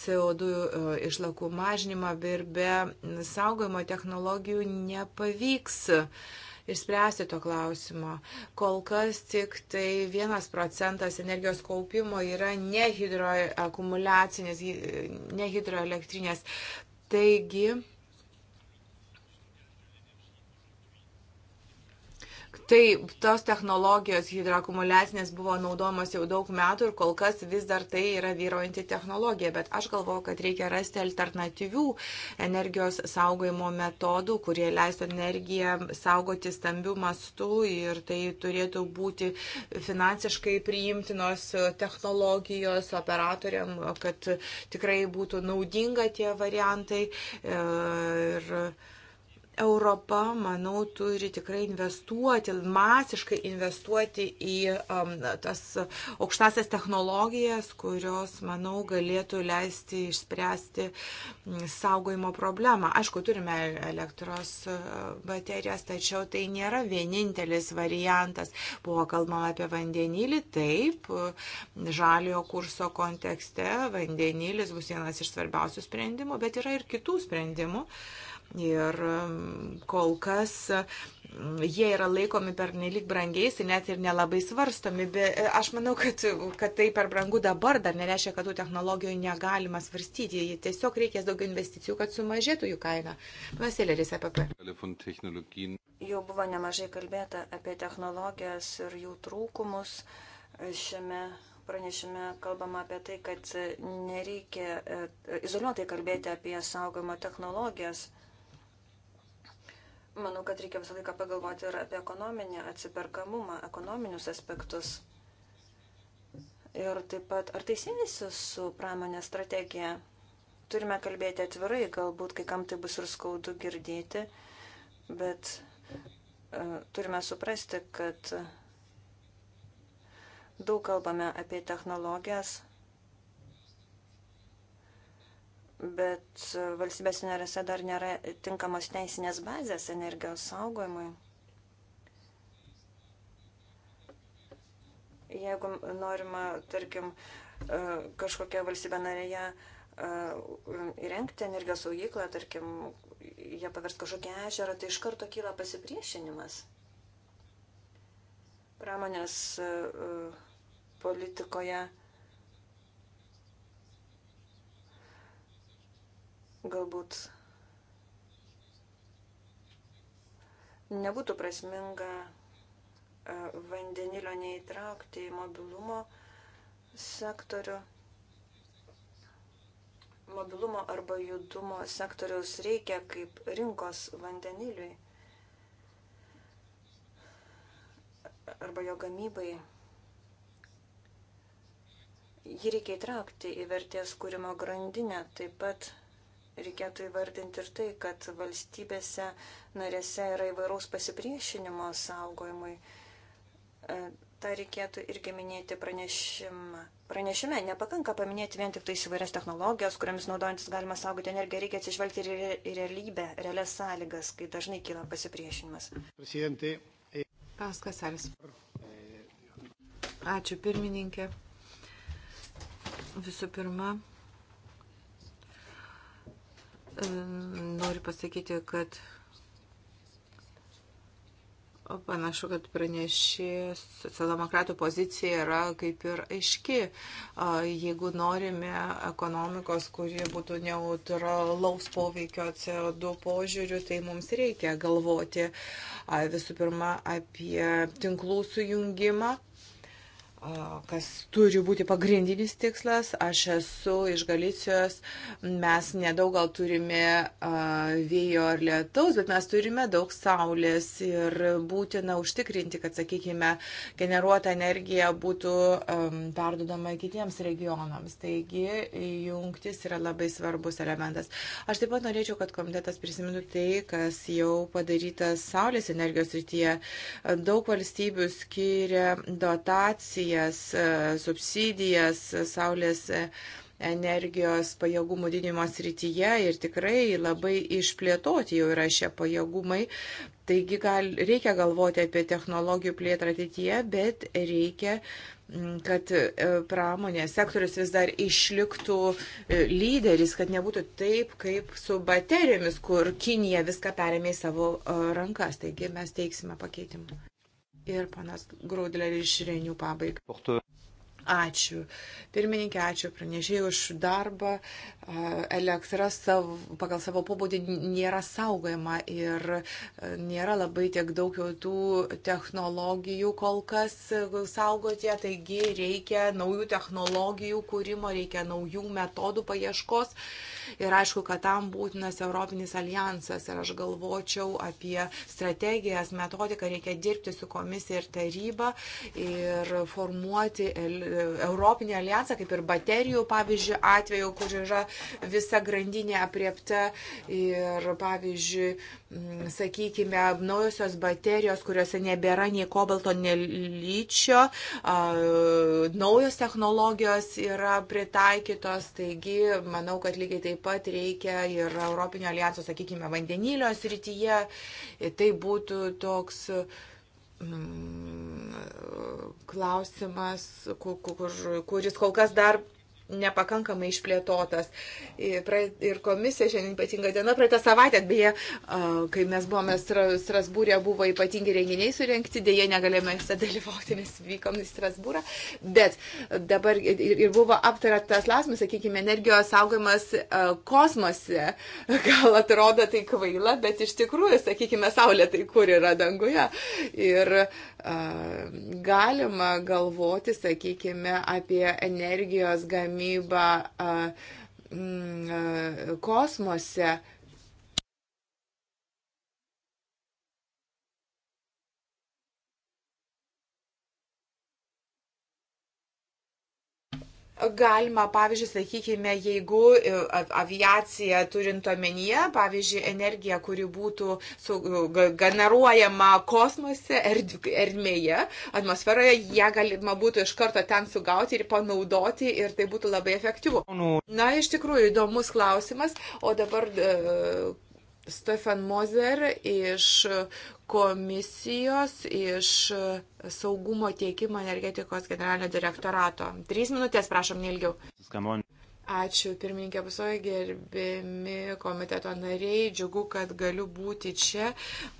CO2 e, išlakų mažinimą ir be saugojimo technologijų nepavyks uh, ir spręsti to klausimo. Kol kas tik tai vienas procentas energijos kaupimo yra nehidroakumulacinės, nehidroelektrinės. Taigi, Tai tos technologijos hidroakumuliacinės buvo naudojamos jau daug metų ir kol kas vis dar tai yra vyrojanti technologija, bet aš galvoju, kad reikia rasti alternatyvių energijos saugojimo metodų, kurie leistų energiją saugoti stambių mastų ir tai turėtų būti finansiškai priimtinos technologijos operatoriam, kad tikrai būtų naudinga tie variantai. Ir, Europa, manau, turi tikrai investuoti, masiškai investuoti į um, tas aukštasias technologijas, kurios, manau, galėtų leisti išspręsti mm, saugojimo problemą. Aišku, turime elektros uh, baterijas, tačiau tai nėra vienintelis variantas. Buvo kalbama apie vandenilį, taip, žaliojo kurso kontekste vandenilis bus vienas iš svarbiausių sprendimų, bet yra ir kitų sprendimų. Uh, Ir kol kas jie yra laikomi per nelik brangiais ir net ir nelabai svarstomi. Bet e, aš manau, kad, kad tai per brangu dabar dar nereiškia, kad tų technologijų negalima svarstyti. Tiesiog reikės daugiau investicijų, kad sumažėtų jų kaina. Vasiliris EPP. Jau buvo nemažai kalbėta apie technologijas ir jų trūkumus. Šiame pranešime kalbama apie tai, kad nereikia e, izoliuotai kalbėti apie saugojimo technologijas Manau, kad reikia visą laiką pagalvoti ir apie ekonominį atsiperkamumą, ekonominius aspektus. Ir taip pat, ar tai siejasi su pramonės strategija? Turime kalbėti atvirai, galbūt kai kam tai bus ir skaudu girdėti, bet uh, turime suprasti, kad daug kalbame apie technologijas, bet valstybės narėse dar nėra tinkamos teisinės bazės energijos saugojimui. Jeigu norima, tarkim, e, kažkokia valstybė narėje e, įrengti energijos saugyklą, tarkim, jie paverst kažkokią ežerą, tai iš karto kyla pasipriešinimas. Pramonės e, politikoje uh, Galbūt nebūtų prasminga e, vandenilio neįtraukti į mobilumo sektorių. Mobilumo arba judumo sektoriaus reikia kaip rinkos vandeniliui arba jo gamybai. Jį reikia įtraukti į vertės kūrimo grandinę, taip pat reikėtų įvardinti ir tai, kad valstybėse narėse yra įvairaus pasipriešinimo saugojimui. E, Ta reikėtų irgi minėti pranešimą. Pranešime nepakanka paminėti vien tik tais įvairias technologijas, kuriamis naudojantis galima saugoti energiją, reikia atsižvelgti ir į realybę, realias sąlygas, kai dažnai kyla pasipriešinimas. E- Paskas Aris. Ačiū pirmininkė. Visų pirma, noriu pasakyti, kad Panašu, kad pranešė socialdemokratų pozicija yra kaip ir aiški. Jeigu norime ekonomikos, kuri būtų neutralaus poveikio CO2 požiūrių, tai mums reikia galvoti visų pirma apie tinklų sujungimą kas turi būti pagrindinis tikslas. Aš esu iš Galicijos, mes nedaug gal turime vėjo ar lietaus, bet mes turime daug saulės ir būtina užtikrinti, kad, sakykime, generuota energija būtų perdudama kitiems regionams. Taigi jungtis yra labai svarbus elementas. Aš taip pat norėčiau, kad komitetas prisimintų tai, kas jau padaryta saulės energijos rytyje. Daug valstybių skiria dotaciją garantijas, subsidijas saulės energijos pajėgumų didinimo srityje ir tikrai labai išplėtoti jau yra šie pajėgumai. Taigi gal, reikia galvoti apie technologijų plėtrą ateityje, bet reikia, kad e, pramonės sektorius vis dar išliktų e, lyderis, kad nebūtų taip, kaip su baterijomis, kur Kinija viską perėmė į savo e, rankas. Taigi mes teiksime pakeitimą ir panas Graudler iš Renių pabaigai. Ačiū. Pirmininkė, ačiū pranešėjai už darbą. Elektra sav, pagal savo pobūdį nėra saugojama ir e, nėra labai tiek daug jau tų technologijų kol kas e, saugoti, taigi reikia naujų technologijų kūrimo, reikia naujų metodų paieškos ir aišku, kad tam būtinas Europinis alijansas ir aš galvočiau apie strategijas, metodiką, reikia dirbti su komisija ir taryba ir formuoti el Europinį alijansą, kaip ir baterijų, pavyzdžiui, atveju, kur yra visa grandinė apriepta ir, pavyzdžiui, sakykime, naujosios baterijos, kuriuose nebėra nei kobalto, nei lyčio, naujos technologijos yra pritaikytos, taigi manau, kad lygiai taip pat reikia ir Europinio alijanso, sakykime, vandenilio srityje. Tai būtų toks uh, Mm, klausimas, kuris kol kas dar nepakankamai išplėtotas. Ir komisija šiandien ypatinga diena, praeitą savaitę, beje, kai mes buvome Strasbūrė, buvo ypatingi renginiai surenkti, dėje negalėjome visą dalyvauti, nes vykom į Strasbūrą, bet dabar ir buvo aptartas klausimas, sakykime, energijos saugojimas kosmose. Gal atrodo tai kvaila, bet iš tikrųjų, sakykime, Saulė tai kur yra danguje. Ir uh, galima galvoti, sakykime, apie energijos gamybą kosmose. Uh, Galima, pavyzdžiui, sakykime, jeigu e, aviacija turint omenyje, pavyzdžiui, energija, kuri būtų generuojama kosmose, erdmėje, atmosferoje, ją galima būtų iš karto ten sugauti ir panaudoti ir tai būtų labai efektyvu. Nu. Na, iš tikrųjų, įdomus klausimas, o dabar e, Stefan Mozer iš komisijos, iš saugumo tiekimo energetikos generalinio direktorato. Trys minutės, prašom, neilgiau. Ačiū, pirmininkė Pasoja, gerbėmi komiteto nariai, džiugu, kad galiu būti čia.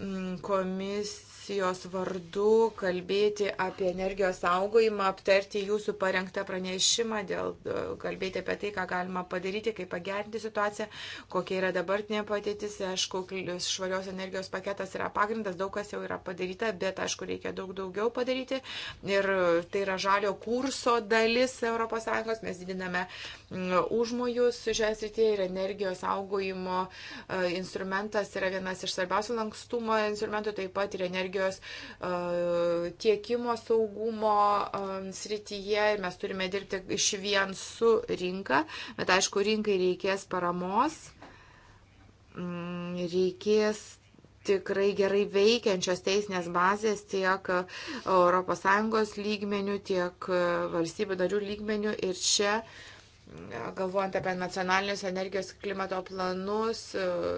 Mm, komis frakcijos vardu kalbėti apie energijos saugojimą, aptarti jūsų parengtą pranešimą, dėl, e, kalbėti apie tai, ką galima padaryti, kaip pagerinti situaciją, kokia yra dabartinė patėtis. Aišku, švarios energijos paketas yra pagrindas, daug kas jau yra padaryta, bet aišku, reikia daug daugiau padaryti. Ir tai yra žalio kurso dalis ES. Mes didiname užmojus šioje srityje ir energijos saugojimo e, instrumentas yra vienas iš svarbiausių lankstumo instrumentų, taip pat ir energijos e, tiekimo saugumo e, srityje. Ir mes turime dirbti iš vien su rinka, bet aišku, rinkai reikės paramos, mm, reikės tikrai gerai veikiančios teisinės bazės tiek ES lygmenių, tiek valstybių darių lygmenių. Ir čia uh, galvojant apie nacionalinius energijos klimato planus,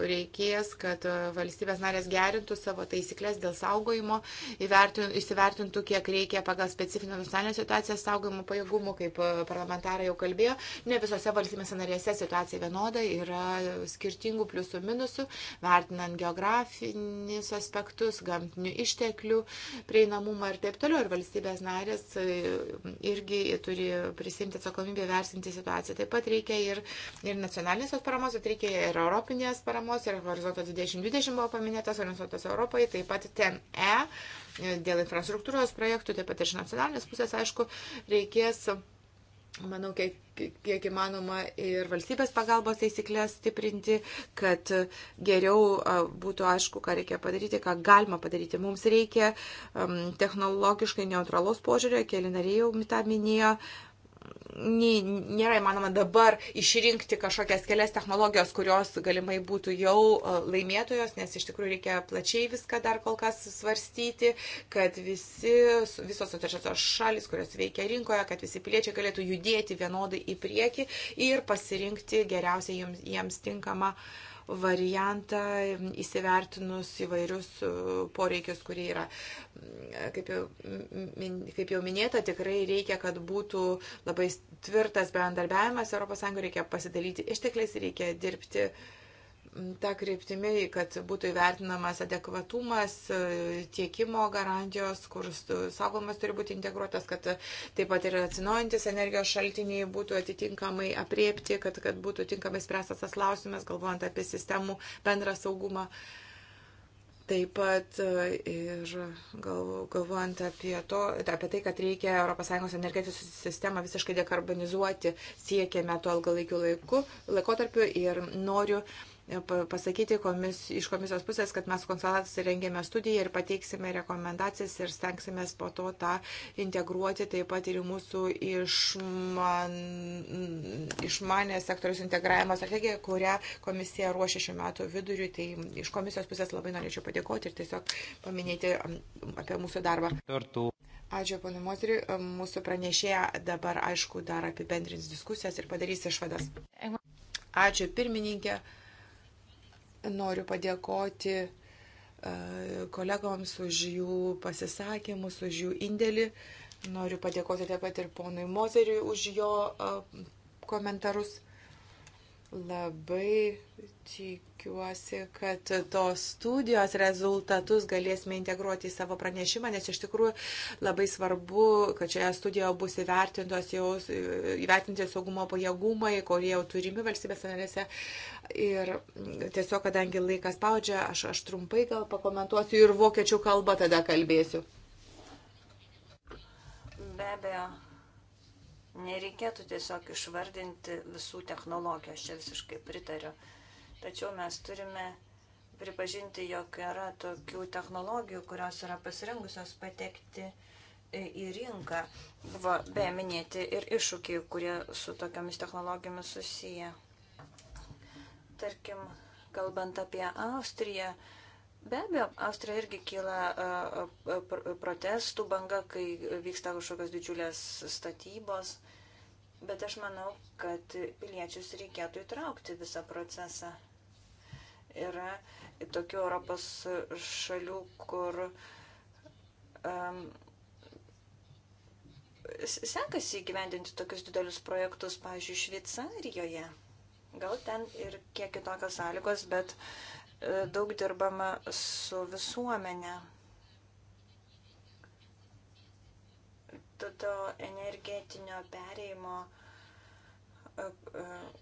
reikės, kad e, valstybės narės gerintų savo taisyklės dėl saugojimo, įsivertintų, kiek reikia pagal specifinę nacionalinę situaciją saugojimo pajėgumų, kaip e, parlamentarai jau kalbėjo. Ne visose valstybės narėse situacija vienoda, yra skirtingų pliusų minusų, vertinant geografinius aspektus, gamtinių išteklių, prieinamumą ir taip toliau. Ir valstybės narės e, irgi turi prisimti atsakomybę vertinti situaciją situaciją. Taip pat reikia ir, ir nacionalinės paramos, bet reikia ir europinės paramos, ir horizontas 2020 buvo paminėtas, horizontas Europai, taip pat ten E, dėl infrastruktūros projektų, taip pat iš nacionalinės pusės, aišku, reikės manau, kiek, kiek įmanoma ir valstybės pagalbos teisiklės stiprinti, kad geriau būtų aišku, ką reikia padaryti, ką galima padaryti. Mums reikia um, technologiškai neutralos požiūrio, keli nariai jau tą minėjo. Um, nėra įmanoma dabar išrinkti kažkokias kelias technologijos, kurios galimai būtų jau e, laimėtojos, nes iš tikrųjų reikia plačiai viską dar kol kas svarstyti, kad visi, visos sutarčiosios šalis, kurios veikia rinkoje, kad visi piliečiai galėtų judėti vienodai į priekį ir pasirinkti geriausiai jiems, jiems tinkamą uh, variantą, įsivertinus įvairius e, poreikius, kurie yra. Kaip jau, kaip jau minėta, tikrai reikia, kad būtų labai tvirtas bendarbiavimas ES, reikia pasidalyti ištekliais, reikia dirbti uh, tą kryptimį, kad būtų įvertinamas adekvatumas, e, tiekimo garantijos, kur saugomas turi būti integruotas, kad taip pat ir atsinaujantis energijos šaltiniai būtų atitinkamai apriepti, kad, kad būtų tinkamai spręstas tas klausimas, galvojant apie sistemų bendrą saugumą. Taip pat e, ir galvojant apie, to, apie tai, kad reikia ES energetikos sistemą visiškai dekarbonizuoti, siekiame to ilgalaikiu laiku, laikotarpiu ir noriu uh, E, pasakyti komis, iš komisijos pusės, kad mes konsulatas rengėme studiją ir pateiksime rekomendacijas ir stengsime po to tą integruoti taip pat ir į mūsų išman, išmanę sektorius integravimo strategiją, kurią komisija ruošia šiuo metu viduriu. Tai iš komisijos pusės labai norėčiau padėkoti ir tiesiog paminėti apie mūsų darbą. Kartu. Ačiū, ponai Motri. Mūsų pranešėja dabar, aišku, dar apibendrins diskusijas ir padarys išvadas. Ačiū, pirmininkė. Noriu padėkoti e, kolegoms už jų pasisakymus, už jų indėlį. Noriu padėkoti taip pat ir ponui Mozeriui už jo e, komentarus. Labai tikiuosi, kad tos studijos rezultatus galėsime integruoti į savo pranešimą, nes iš tikrųjų labai svarbu, kad šioje studijoje bus jau, įvertinti saugumo pajėgumai, kurie jau turimi valstybės narėse. Ir tiesiog, kadangi laikas spaudžia, aš, aš trumpai gal pakomentuosiu ir vokiečių kalbą tada kalbėsiu. Be abejo, Nereikėtų tiesiog išvardinti visų technologijų, aš čia visiškai pritariu. Tačiau mes turime pripažinti, jog yra tokių technologijų, kurios yra pasirengusios patekti į rinką. Buvo be minėti ir iššūkiai, kurie su tokiamis technologijomis susiję. Tarkim, kalbant apie Austriją, be abejo, Austrija irgi kyla protestų banga, kai vyksta kažkokios didžiulės statybos. Bet aš manau, kad piliečius reikėtų įtraukti visą procesą. Yra tokių Europos šalių, kur um, sekasi įgyvendinti tokius didelius projektus, pavyzdžiui, Šveicarijoje. Gal ten ir kiek kitokios sąlygos, bet e, daug dirbama su visuomenė. to energetinio pereimo e, e,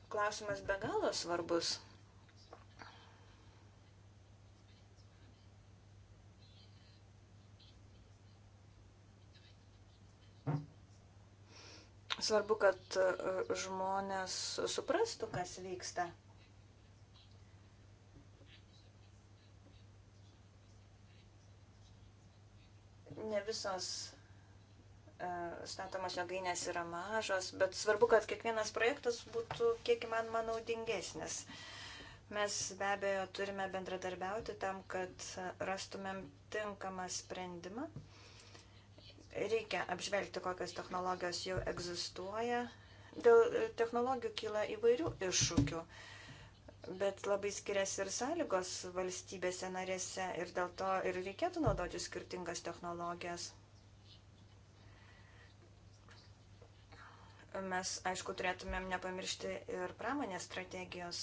klausimas be galo svarbus. Svarbu, kad e, žmonės suprastų, kas vyksta. Ne visos E, statomos jėgainės yra mažos, bet svarbu, kad kiekvienas projektas būtų kiek įmanoma naudingesnis. Mes be abejo turime bendradarbiauti tam, kad rastumėm tinkamą sprendimą. Reikia apžvelgti, kokios technologijos jau egzistuoja. Dėl e, technologijų kyla įvairių iššūkių, bet labai skiriasi ir sąlygos valstybėse narėse ir dėl to ir reikėtų naudoti skirtingas technologijas. mes, aišku, turėtumėm nepamiršti ir pramonės strategijos.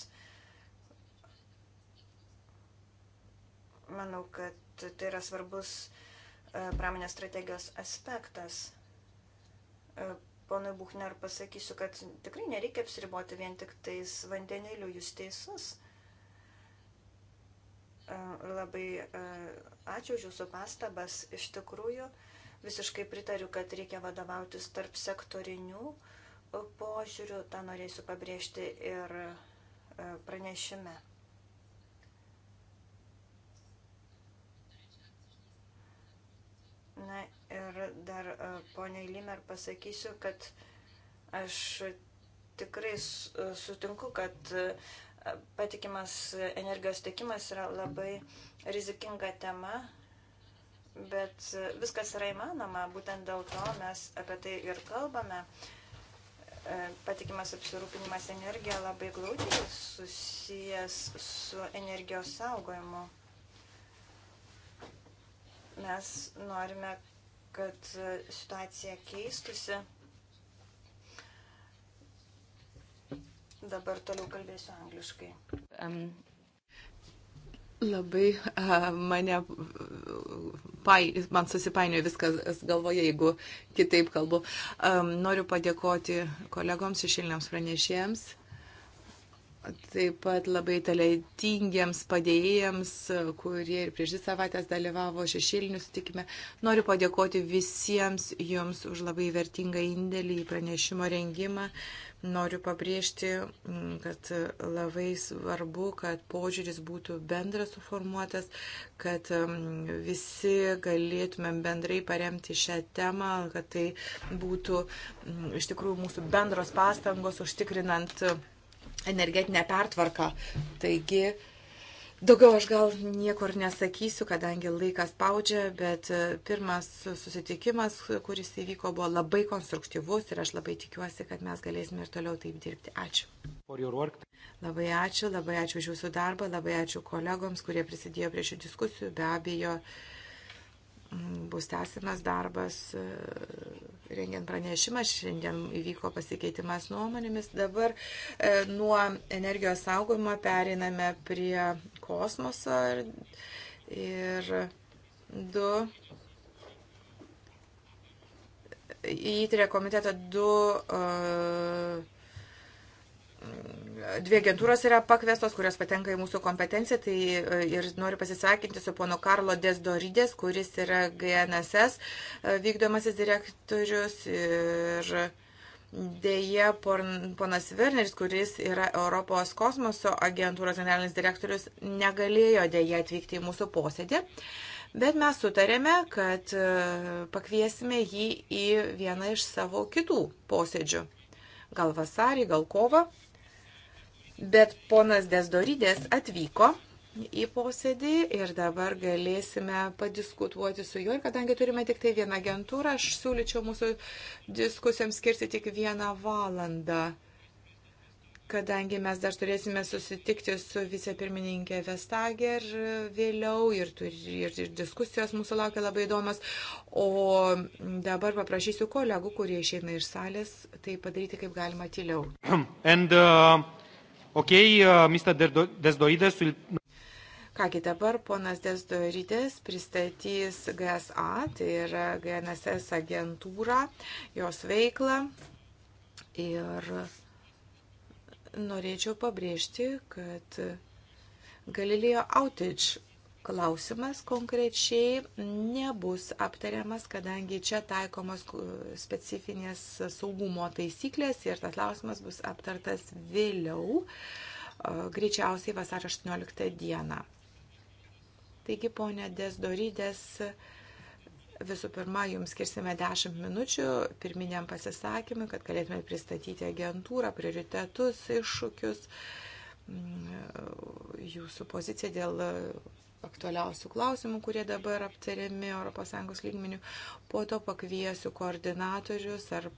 Manau, kad tai yra svarbus e, pramonės strategijos aspektas. E, ponui Buchner pasakysiu, kad tikrai nereikia apsiriboti vien tik tais vandeniliu, jūs teisus. E, labai ačiū už jūsų pastabas. Iš tikrųjų, visiškai pritariu, kad reikia vadovautis tarp sektorinių uh, požiūriu, tą norėsiu pabrėžti ir e, pranešime. Na ir dar e, poniai Limer pasakysiu, kad aš tikrai e, sutinku, kad patikimas energijos tiekimas yra labai rizikinga tema, bet viskas yra įmanoma, būtent dėl to mes apie tai ir kalbame. Uh, E, patikimas apsirūpinimas energija labai glaudžiai susijęs su energijos saugojimu. Mes norime, kad situacija keistusi. Dabar toliau kalbėsiu angliškai. Um, Labai a, mane, pai, man susipainioja viskas galvoje, jeigu kitaip kalbu. A, noriu padėkoti kolegoms išilniams pranešėjams taip pat labai talentingiems padėjėjams, kurie ir prieš dvi savaitės dalyvavo šešėlinių sutikime. Noriu padėkoti visiems jums už labai vertingą indėlį į pranešimo rengimą. Noriu pabrėžti, mm, kad labai svarbu, kad požiūris būtų bendras suformuotas, kad mm, visi galėtumėm bendrai paremti šią temą, kad tai būtų mm, iš tikrųjų mūsų bendros pastangos užtikrinant energetinę pertvarką. Taigi, Daugiau aš gal niekur nesakysiu, kadangi laikas spaudžia, bet e, pirmas susitikimas, kuris įvyko, buvo labai konstruktyvus ir aš labai tikiuosi, kad mes galėsime ir toliau taip dirbti. Ačiū. Labai ačiū, labai ačiū už jūsų darbą, labai ačiū kolegoms, kurie prisidėjo prie šių diskusijų. Be abejo, uh, bus tęsiamas darbas e, rengiant pranešimą. Šiandien įvyko pasikeitimas nuomonėmis. Dabar e, nuo energijos saugojimo pereiname prie kosmoso ir, ir du. Įtrė komiteto du uh, dvi agentūros yra pakvestos, kurios patenka į mūsų kompetenciją. Tai e, ir noriu pasisveikinti su pono Karlo Desdorydės, kuris yra GNSS e, vykdomasis direktorius. Ir Deja, ponas Werneris, kuris yra Europos kosmoso agentūros generalinis direktorius, negalėjo dėja atvykti į mūsų posėdį. Bet mes sutarėme, kad e, pakviesime jį į vieną iš savo kitų posėdžių. Gal vasarį, gal kovą. Bet ponas Desdorydės atvyko į posėdį ir dabar galėsime padiskutuoti su juo. Ir kadangi turime tik tai vieną agentūrą, aš siūlyčiau mūsų diskusijams skirti tik vieną valandą kadangi mes dar turėsime susitikti su vicepirmininkė Vestager vėliau ir, ir, ir diskusijos mūsų laukia labai įdomas. O dabar paprašysiu kolegų, kurie išeina iš salės, tai padaryti kaip galima tyliau. And, uh... Okay, uh, Mr. Desdoides will... Kągi dabar ponas Desdoridės pristatys GSA, tai yra GNSS agentūra, jos veiklą. Ir norėčiau pabrėžti, kad Galilėjo outage klausimas konkrečiai nebus aptariamas, kadangi čia taikomos uh, specifinės saugumo taisyklės ir tas klausimas bus aptartas vėliau, uh, greičiausiai vasaro 18 dieną. Taigi, ponė Desdorydės, visų pirma, jums skirsime 10 minučių pirminiam pasisakymui, kad galėtume pristatyti agentūrą, prioritetus, iššūkius, mm, jūsų poziciją dėl aktualiausių klausimų, kurie dabar aptariami ES lygmenių. Po to pakviesiu koordinatorius ar,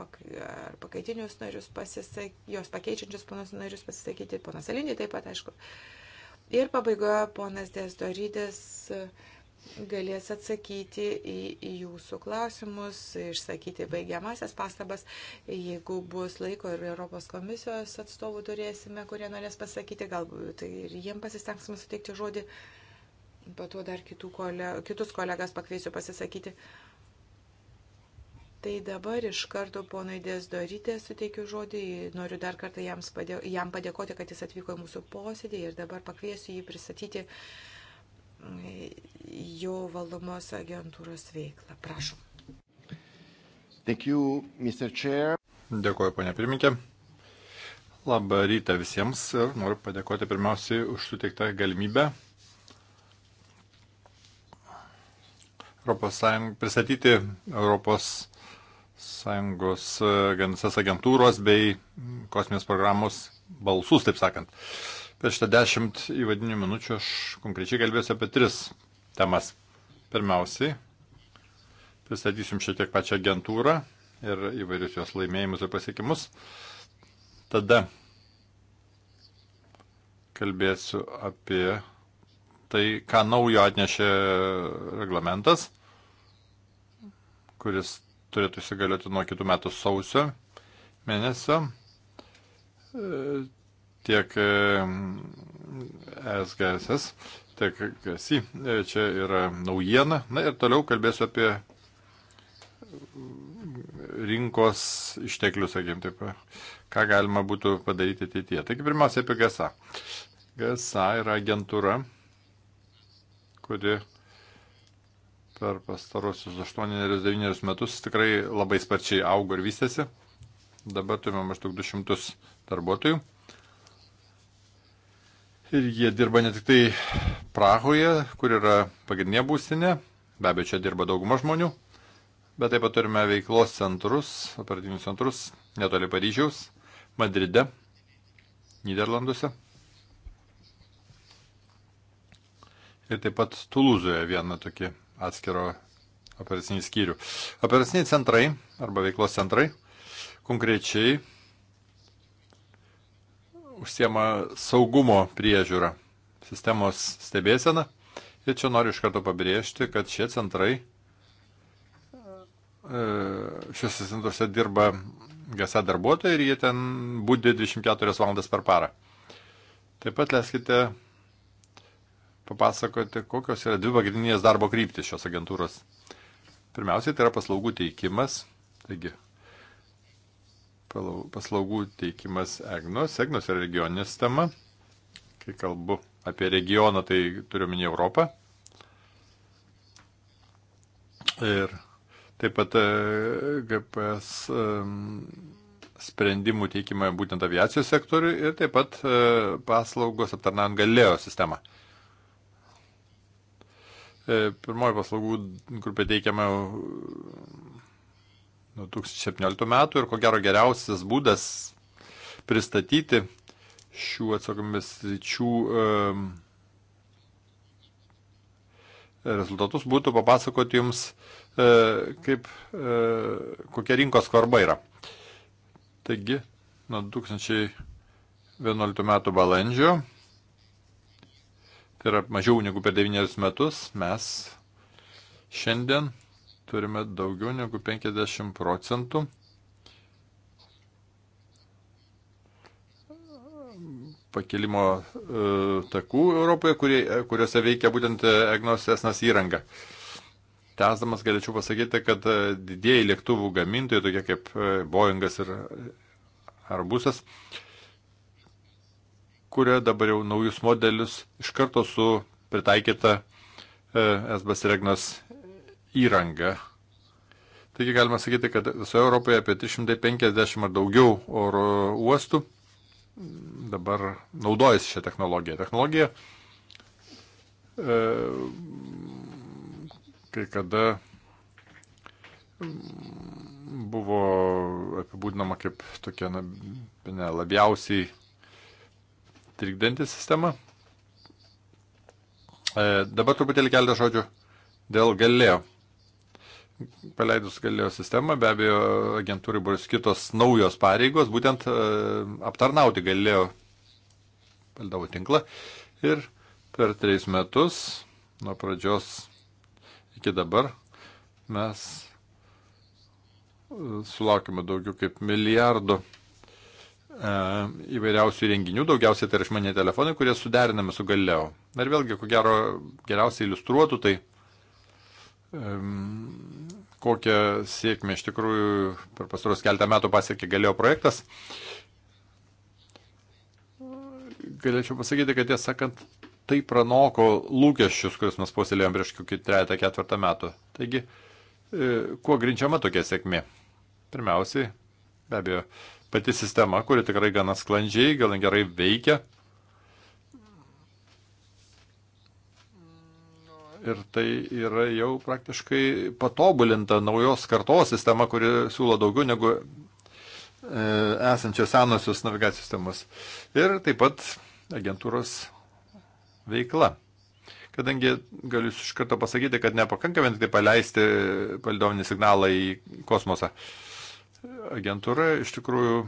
pak, ar pakaitinius narius pasisakyti, jos pakeičiančius ponus narius pasisakyti, ponas Alinį taip pat, aišku. Ir pabaigoje ponas Desdorydės e, galės atsakyti į, į jūsų klausimus, išsakyti baigiamasias pastabas. Jeigu bus laiko ir Europos komisijos atstovų turėsime, kurie norės pasakyti, galbūt tai ir jiem pasistengsime suteikti žodį. Uh, po to dar kole, kitus kolegas pakviesiu pasisakyti. Tai dabar iš karto ponui Desdorytė suteikiu žodį, noriu dar kartą padė, jam padėkoti, kad jis atvyko į mūsų posėdį ir dabar pakviesiu jį pristatyti jo valdomos agentūros veiklą. Prašom. Thank you, Mr. Chair. Dėkuoju, ponia pirmininkė. Labą rytą visiems ir noriu padėkoti pirmiausiai už suteiktą galimybę Europos Sąjung, pristatyti Europos Sąjungos e, GNSS agentūros bei kosminės programos balsus, taip sakant. Per šitą dešimt įvadinių minučių aš konkrečiai kalbėsiu apie tris temas. Pirmiausiai, pristatysiu jums šiek tiek pačią agentūrą ir įvairius jos laimėjimus ir pasiekimus. Tada kalbėsiu apie tai, ką naujo atnešė reglamentas, kuris turėtų įsigalioti nuo kitų metų sausio mėnesio, e, tiek SGSS, e, tiek KSI, e, čia yra naujiena. Na ir toliau kalbėsiu apie rinkos išteklius, sakėm taip, ką galima būtų padaryti ateityje. Taigi pirmiausia apie GSA. GSA yra agentūra kuri per pastarosius 8-9 metus tikrai labai sparčiai augo ir vystėsi. Dabar turime maždaug 200 darbuotojų. Ir jie dirba ne tik tai Prahoje, kur yra pagrindinė būstinė, be abejo, čia dirba dauguma žmonių, bet taip pat turime veiklos centrus, operatinius centrus netoli Paryžiaus, Madride, Niderlanduose. ir taip pat Tulūzoje vieną tokį atskiro operacinį skyrių. Operaciniai centrai arba veiklos centrai konkrečiai užsiema saugumo priežiūrą, sistemos stebėseną. Ir čia noriu iš karto pabrėžti, kad šie centrai, e, šiuose centruose dirba GSA darbuotojai ir jie ten būdė 24 valandas per parą. Taip pat leiskite papasakoti, kokios yra dvi pagrindinės darbo kryptis šios agentūros. Pirmiausiai tai yra paslaugų teikimas, taigi paslaugų teikimas EGNOS, EGNOS yra regioninė sistema, kai kalbu apie regioną, tai turiu minį Europą. Ir taip pat e, GPS sprendimų teikimą būtent aviacijos sektoriui ir taip pat e, paslaugos aptarnaujant galėjo sistemą. E, pirmoji paslaugų grupė teikiama nuo 2017 metų ir ko gero geriausias būdas pristatyti šių atsakomybės ryčių e, rezultatus būtų papasakoti jums, e, kaip, kokia rinkos svarba yra. Taigi, nuo 2011 metų balandžio tai yra mažiau negu per devynerius metus, mes šiandien turime daugiau negu 50 procentų pakelimo e, takų Europoje, kurie, kuriuose veikia būtent e, Egnos esnas įranga. Tęsdamas galėčiau pasakyti, kad e, didėjai lėktuvų gamintojai, tokie kaip Boeingas ir Arbusas, uh, kuria dabar jau naujus modelius iš karto su pritaikyta e, SBS regnas įranga. Taigi galima sakyti, kad visoje Europoje apie 350 ar daugiau oro uostų dabar naudojasi šią technologiją. Technologija e, kai kada buvo apibūdinama kaip tokia na, ne, labiausiai trikdanti sistema. E, dabar truputėlį keletą žodžių dėl galėjo. Paleidus galėjo sistemą, be abejo, agentūrai buvo skirtos naujos pareigos, būtent e, aptarnauti galėjo valdavo tinklą. Ir per trejus metus, nuo pradžios iki dabar, mes e, sulaukime daugiau kaip milijardo E, įvairiausių renginių, daugiausiai tai yra išmaniai telefonai, kurie suderinami su Galileo. Dar vėlgi, ko gero, geriausiai iliustruotų tai, um, kokią sėkmę iš tikrųjų per pastaros keltą metų pasiekė Galileo projektas. Galėčiau pasakyti, kad tiesą sakant, tai pranoko lūkesčius, kuriuos mes posėlėjom prieš kokį trejata ketvirtą metų. Taigi, e, kuo grinčiama tokia sėkmė? Pirmiausiai, be abejo, pati sistema, kuri tikrai gana sklandžiai, gana gerai veikia. Ir tai yra jau praktiškai patobulinta naujos kartos sistema, kuri siūlo daugiau negu e, esančios senosios navigacijos sistemos. Ir taip pat agentūros veikla. Kadangi galiu iš karto pasakyti, kad nepakanka vien tik tai paleisti palidovinį signalą į kosmosą. Uh, agentūra iš tikrųjų e,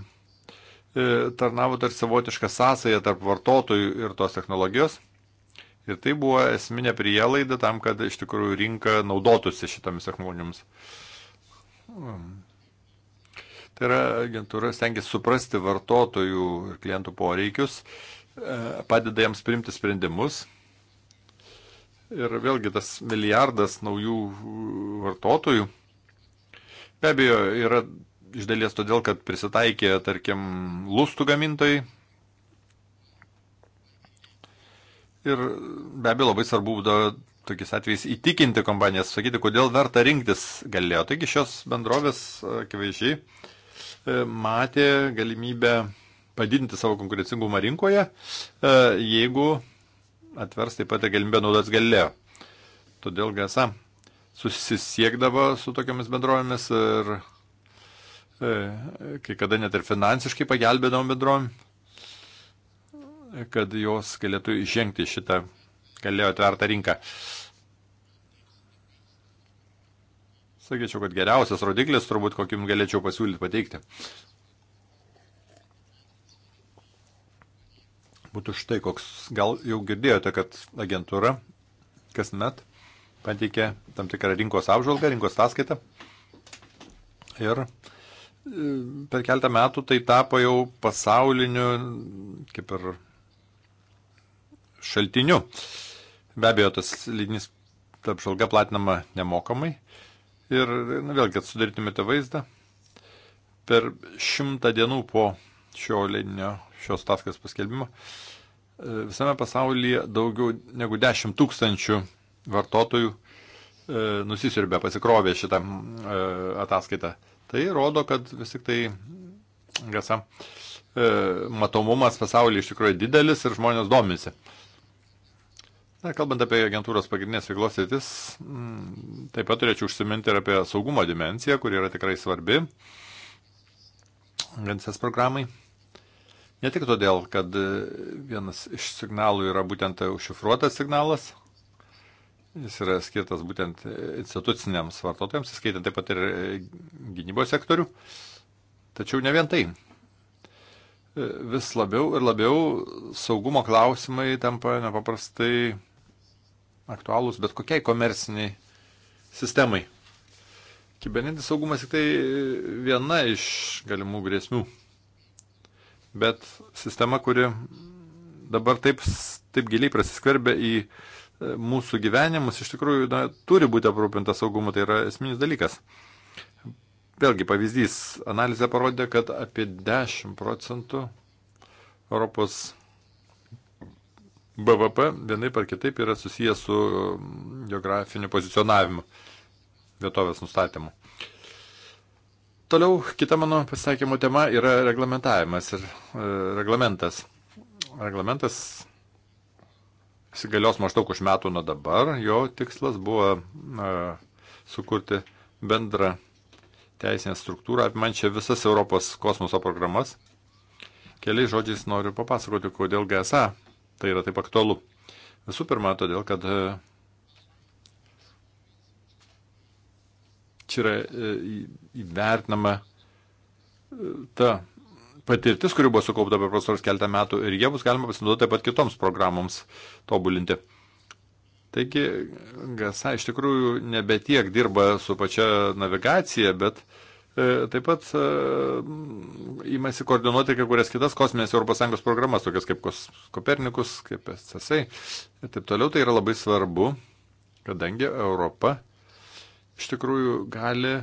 tarnavo tarsi savotišką sąsąją tarp vartotojų ir tos technologijos. Ir tai buvo esminė prielaida tam, kad iš tikrųjų rinka naudotųsi šitomis technologijomis. Mm. Tai yra agentūra stengiasi suprasti vartotojų ir klientų poreikius, e, padeda jiems priimti sprendimus. Ir vėlgi tas milijardas naujų vartotojų be abejo yra iš dalies todėl, kad prisitaikė, tarkim, lustų gamintojai. Ir be abejo labai svarbu būdavo tokiais atvejais įtikinti kompanijas, sakyti, kodėl verta rinktis galėjo. Taigi šios bendrovės akivaizdžiai e, matė galimybę padidinti savo konkurencingumą rinkoje, e, jeigu atvers taip pat galimybę naudotis galėjo. Todėl GSA susisiekdavo su tokiamis bendrovėmis ir E, kai kada net ir finansiškai pagelbėdavom bendrom, kad jos galėtų žengti šitą galėjo atvertą rinką. Sakyčiau, kad geriausias rodiklis turbūt, kokį jums galėčiau pasiūlyti pateikti. Būtų štai koks, gal jau girdėjote, kad agentūra kasmet pateikė tam tikrą rinkos apžvalgą, rinkos sąskaitą. Ir uh, per keltą metų tai tapo jau pasauliniu, kaip ir šaltiniu. Be abejo, tas lydinis ta apžvalga platinama nemokamai. Ir na, nu, vėlgi, kad sudarytumėte vaizdą, per šimtą dienų po šio leidinio, šios taskos paskelbimo, e, visame pasaulyje daugiau negu 10 tūkstančių vartotojų e, nusisirbė, pasikrovė šitą e, ataskaitą. E, Tai rodo, kad vis tik tai, gesa, e, matomumas pasaulyje iš tikrųjų didelis ir žmonės domisi. Na, kalbant apie agentūros pagrindinės veiklos rytis, taip pat turėčiau užsiminti ir apie saugumo dimenciją, kuri yra tikrai svarbi Vensės programai. Ne tik todėl, kad vienas iš signalų yra būtent užšifruotas signalas, Jis yra skirtas būtent instituciniams vartotojams, įskaitant taip pat ir gynybos sektorių. Tačiau ne vien tai. Vis labiau ir labiau saugumo klausimai tampa nepaprastai aktualūs bet kokiai komerciniai sistemai. Kibernetinis saugumas tik tai viena iš galimų grėsmių. Bet sistema, kuri dabar taip, taip giliai prasiskverbia į uh, mūsų gyvenimus iš tikrųjų na, turi būti aprūpintas saugumu, tai yra esminis dalykas. Vėlgi pavyzdys, analizė parodė, kad apie 10 procentų Europos BVP vienai par kitaip yra susijęs su mm, geografiniu pozicionavimu, vietovės nustatymu. Toliau kita mano pasakymo tema yra reglamentavimas ir e, reglamentas. Reglamentas įsigalios maždaug už metų nuo dabar. Jo tikslas buvo na, sukurti bendrą teisinę struktūrą apimančią visas Europos kosmoso programas. Keliais žodžiais noriu papasakoti, kodėl GSA tai yra taip aktualu. Visų pirma, todėl, kad e, čia yra e, įvertinama e, ta patirtis, kuri buvo sukaupta per pastarus keltą metų ir jie bus galima pasinaudoti taip pat kitoms programoms tobulinti. Taigi, GASA iš tikrųjų nebetiek dirba su pačia navigacija, bet e, taip pat e, įmasi koordinuoti kai kurias kitas kosminės ES programas, tokias kaip Kopernikus, kaip SSA ir taip toliau. Tai yra labai svarbu, kadangi Europa iš tikrųjų gali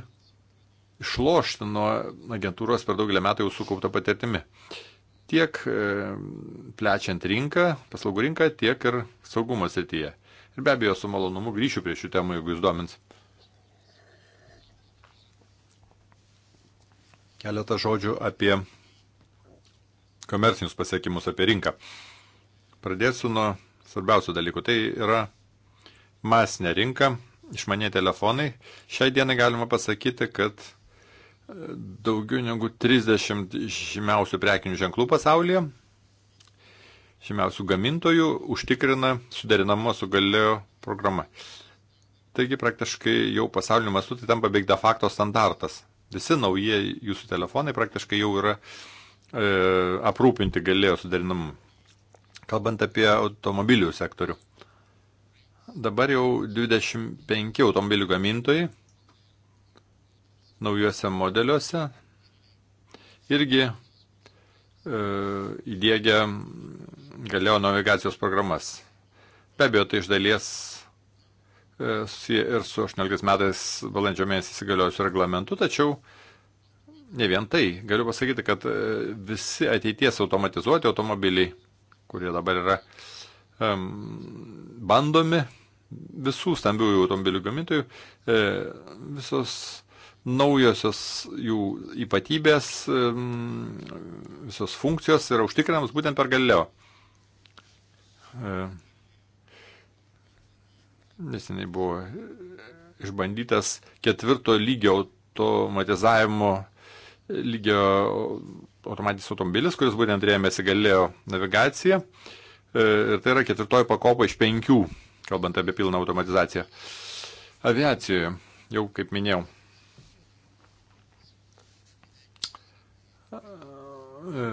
išlošti nuo agentūros per daugelį metų jau sukauptą patirtimi. Tiek e, plečiant rinką, paslaugų rinką, tiek ir saugumo srityje. Ir be abejo, su malonumu grįšiu prie šių temų, jeigu jūs domins. Keletą žodžių apie komercinius pasiekimus, apie rinką. Pradėsiu nuo svarbiausių dalykų. Tai yra masinė rinka, išmaniai telefonai. Šiai dienai galima pasakyti, kad daugiau negu 30 žymiausių prekinių ženklų pasaulyje, žymiausių gamintojų užtikrina suderinamą su galėjo programa. Taigi praktiškai jau pasauliniu mastu tai tampa beveik de facto standartas. Visi nauji jūsų telefonai praktiškai jau yra e, aprūpinti galėjo suderinamu. Kalbant apie automobilių sektorių. Dabar jau 25 automobilių gamintojai naujuose modeliuose irgi e, įdėgia galėjo navigacijos programas. Be abejo, tai iš dalies e, susiję ir su 18 metais balandžio mėnesį įsigaliojusiu reglamentu, tačiau ne vien tai. Galiu pasakyti, kad e, visi ateities automatizuoti automobiliai, kurie dabar yra e, bandomi visų stambiųjų automobilių gamintojų, e, visos naujosios jų ypatybės, visos funkcijos yra užtikrinamos būtent per Galileo. E, neseniai buvo išbandytas ketvirto lygio automatizavimo lygio automatinis automobilis, kuris būtent rėmėsi Galileo navigaciją. E, ir tai yra ketvirtoji pakopa iš penkių, kalbant apie pilną automatizaciją. Aviacijoje, jau kaip minėjau, E,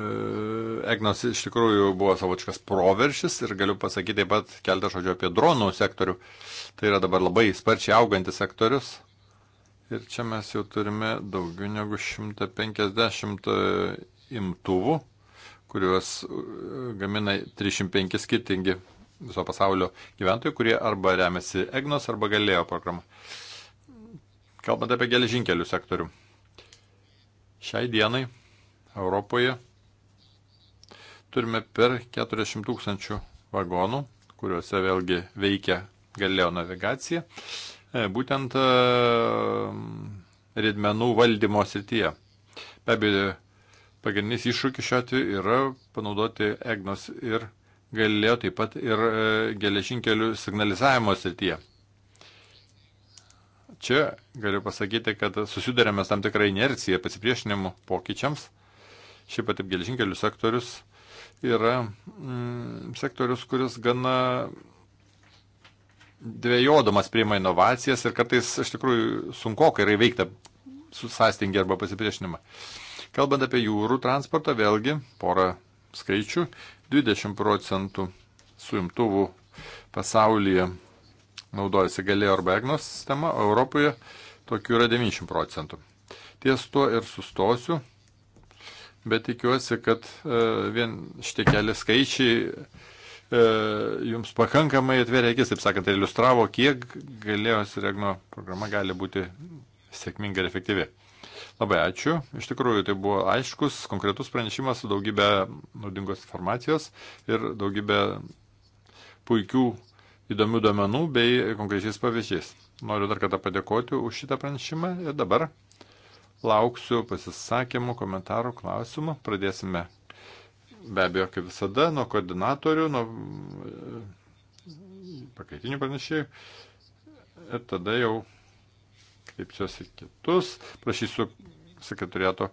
Egnos iš tikrųjų buvo savočkas proveršis ir galiu pasakyti taip pat keltą žodžių apie dronų sektorių. Tai yra dabar labai sparčiai augantis sektorius. Ir čia mes jau turime daugiau negu 150 e, imtuvų, kuriuos e, gamina 305 skirtingi viso pasaulio gyventojai, kurie arba remiasi Egnos arba galėjo programą. Kalbant apie geležinkelių sektorių. Šiai dienai Europoje turime per 40 tūkstančių vagonų, kuriuose vėlgi veikia galėjo navigacija, e, būtent e, riedmenų valdymo srityje. Be abejo, pagrindinis iššūkis šiuo atveju yra panaudoti EGNOS ir galėjo taip pat ir e, geležinkelių signalizavimo srityje. Čia galiu pasakyti, kad susidarėme tam tikrą inerciją pasipriešinimų pokyčiams Šiaip pat geležinkelių sektorius yra mm, sektorius, kuris gana dvėjodamas priima inovacijas ir kartais iš tikrųjų sunkokai yra įveikta susastingį arba pasipriešinimą. Kalbant apie jūrų transportą, vėlgi porą skaičių. 20 procentų suimtuvų pasaulyje naudojasi galėjo arba EGNOS sistema, o Europoje tokių yra 90 procentų. Ties tuo ir sustosiu bet tikiuosi, kad e, vien šitie keli skaičiai e, jums pakankamai atverė akis, taip sakant, tai iliustravo, kiek galėjo Siregno programa gali būti sėkminga ir efektyvi. Labai ačiū. Iš tikrųjų, tai buvo aiškus, konkretus pranešimas su daugybė naudingos informacijos ir daugybė puikių įdomių duomenų bei konkrečiais pavyzdžiais. Noriu dar kartą padėkoti už šitą pranešimą ir dabar lauksiu pasisakymų, komentarų, klausimų. Pradėsime be abejo, kaip visada, nuo koordinatorių, nuo e, pakaitinių pranešėjų. Ir tada jau kreipsiuosi kitus, prašysiu sekretoriato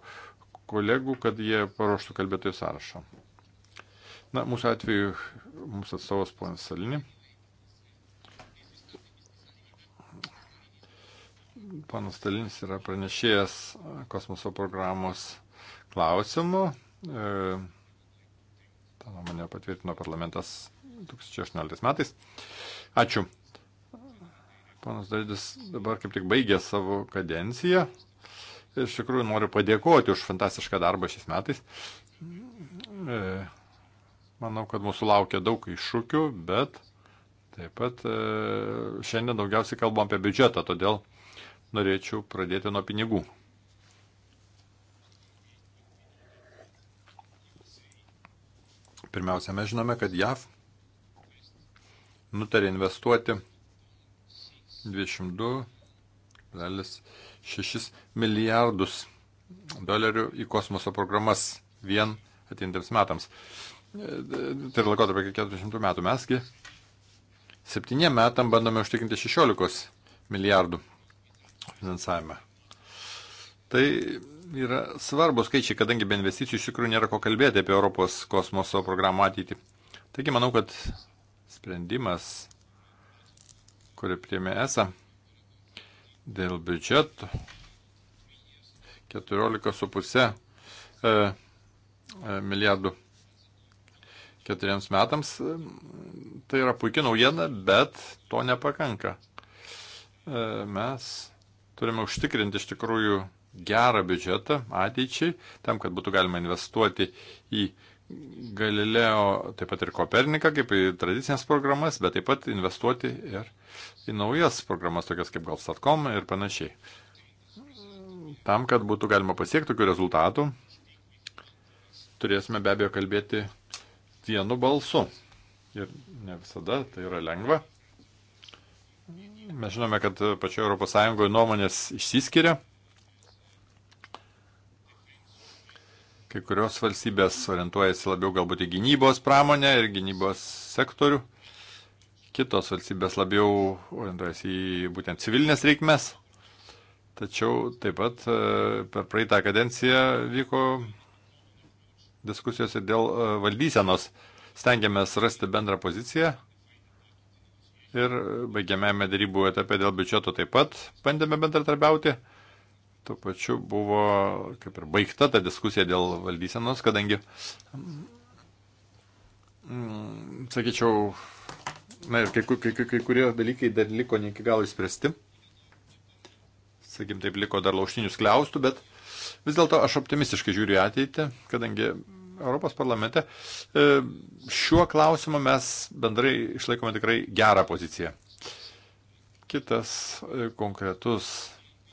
kolegų, kad jie paruoštų kalbėtojų sąrašą. Na, mūsų atveju mums atstovas ponas Salinė. panas Stalinis yra pranešėjęs kosmoso programos klausimų. E, Ta nuomonė patvirtino parlamentas 2018 metais. Ačiū. Panas Daidis dabar kaip tik baigė savo kadenciją. Iš tikrųjų noriu padėkoti už fantastišką darbą šiais metais. E, manau, kad mūsų laukia daug iššūkių, bet taip pat e, šiandien daugiausiai kalbam apie biudžetą, todėl norėčiau pradėti nuo pinigų. Pirmiausia, mes žinome, kad JAV nutarė investuoti 22,6 milijardus dolerių į kosmoso programas vien atintiems metams. Tai yra laikotarpio iki 400 metų. Mesgi septyniem metam bandome užtikrinti 16 milijardų finansavimą. Tai yra svarbus skaičiai, kadangi be investicijų iš tikrųjų nėra ko kalbėti apie Europos kosmoso programų ateitį. Taigi manau, kad sprendimas, kurį priemė ESA dėl biudžeto 14,5 e, e, milijardų keturiems metams. E, tai yra puikia naujiena, bet to nepakanka. Mes Turime užtikrinti iš tikrųjų gerą biudžetą ateičiai, tam, kad būtų galima investuoti į Galileo, taip pat ir Koperniką, kaip į tradicinės programas, bet taip pat investuoti ir į naujas programas, tokias kaip gal Satcom ir panašiai. Tam, kad būtų galima pasiekti tokių rezultatų, turėsime be abejo kalbėti vienu balsu. Ir ne visada tai yra lengva. Mes žinome, kad pačioje ES nuomonės išsiskiria. Kai kurios valstybės orientuojasi labiau galbūt į gynybos pramonę ir gynybos sektorių. Kitos valstybės labiau orientuojasi į būtent civilinės reikmes. Tačiau taip pat e, per praeitą kadenciją vyko diskusijos ir dėl e, valdysenos. Stengiamės rasti bendrą poziciją ir baigiamėme darybų etape dėl biudžeto taip pat bandėme bendratarbiauti. Tuo pačiu buvo kaip ir baigta ta diskusija dėl valdysenos, kadangi, mm, sakyčiau, na ir kai, kai, kai, kai kurie dalykai dar liko ne iki galo įspręsti. Sakykim, taip liko dar laušinius kliaustų, bet vis dėlto aš optimistiškai žiūriu ateitį, kadangi Europos parlamente e, šiuo klausimu mes bendrai išlaikome tikrai gerą poziciją. Kitas e, konkretus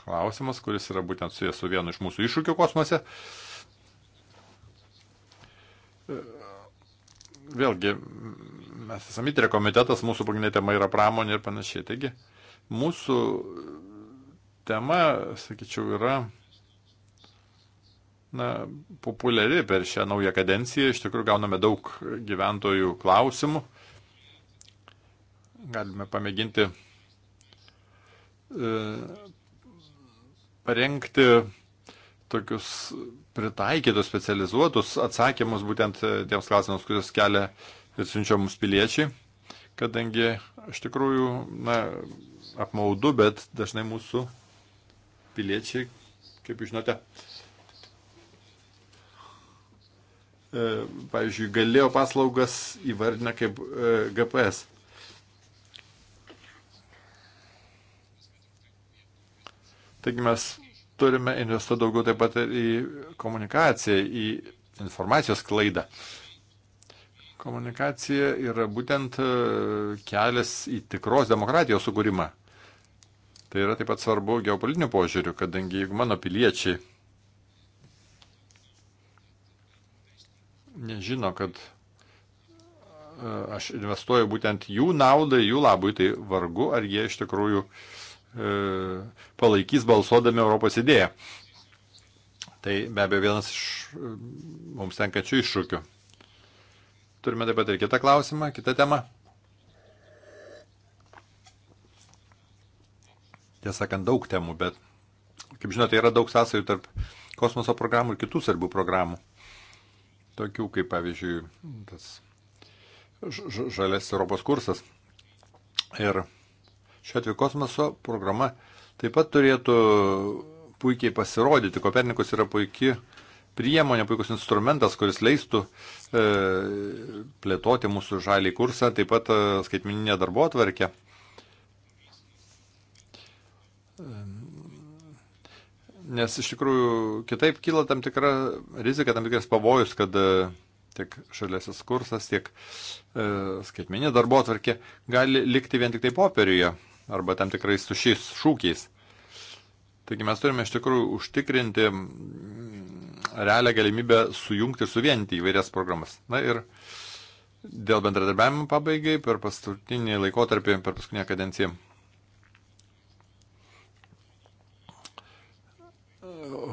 klausimas, kuris yra būtent su, su vienu iš mūsų iššūkių kosmose. E, vėlgi, mes esame įtrė komitetas, mūsų pagrindinė tema yra pramonė ir panašiai. Taigi, mūsų tema, sakyčiau, yra na, populiari per šią naują kadenciją. Iš tikrųjų gauname daug gyventojų klausimų. Galime pamėginti e, parengti tokius pritaikytus, specializuotus atsakymus būtent tiems klausimams, kuriuos kelia ir siunčia mums piliečiai, kadangi iš tikrųjų na, apmaudu, bet dažnai mūsų piliečiai, kaip žinote, E, pavyzdžiui, galėjo paslaugas įvardinę kaip e, GPS. Taigi mes turime investuoti daugiau taip pat ir į komunikaciją, į informacijos klaidą. Komunikacija yra būtent e, kelias į tikros demokratijos sukūrimą. Tai yra taip pat svarbu geopolitiniu požiūriu, kadangi jeigu mano piliečiai nežino, kad e, aš investuoju būtent jų naudai, jų labui, tai vargu, ar jie iš tikrųjų e, palaikys balsuodami Europos idėją. Tai be abejo vienas iš e, mums tenkačių iššūkių. Turime taip pat ir kitą klausimą, kitą temą. Tiesąkant, daug temų, bet, kaip žinote, yra daug sąsajų tarp kosmoso programų ir kitų svarbių programų tokių kaip pavyzdžiui tas žalės Europos kursas. Ir šiuo atveju kosmoso programa taip pat turėtų puikiai pasirodyti. Kopernikus yra puikia priemonė, puikus instrumentas, kuris leistų e, plėtoti mūsų žalį kursą, taip pat e, skaitmininę darbo atvarkę. Nes iš tikrųjų kitaip kyla tam tikra rizika, tam tikras pavojus, kad e, tiek šaliasis kursas, tiek e, skaitmeninė darbo atvarkė gali likti vien tik tai popieriuje arba tam tikrais tušiais šūkiais. Taigi mes turime iš tikrųjų užtikrinti realią galimybę sujungti ir suvienyti įvairias programas. Na ir dėl bendradarbiavimo pabaigai per paskutinį laikotarpį, per paskutinę kadenciją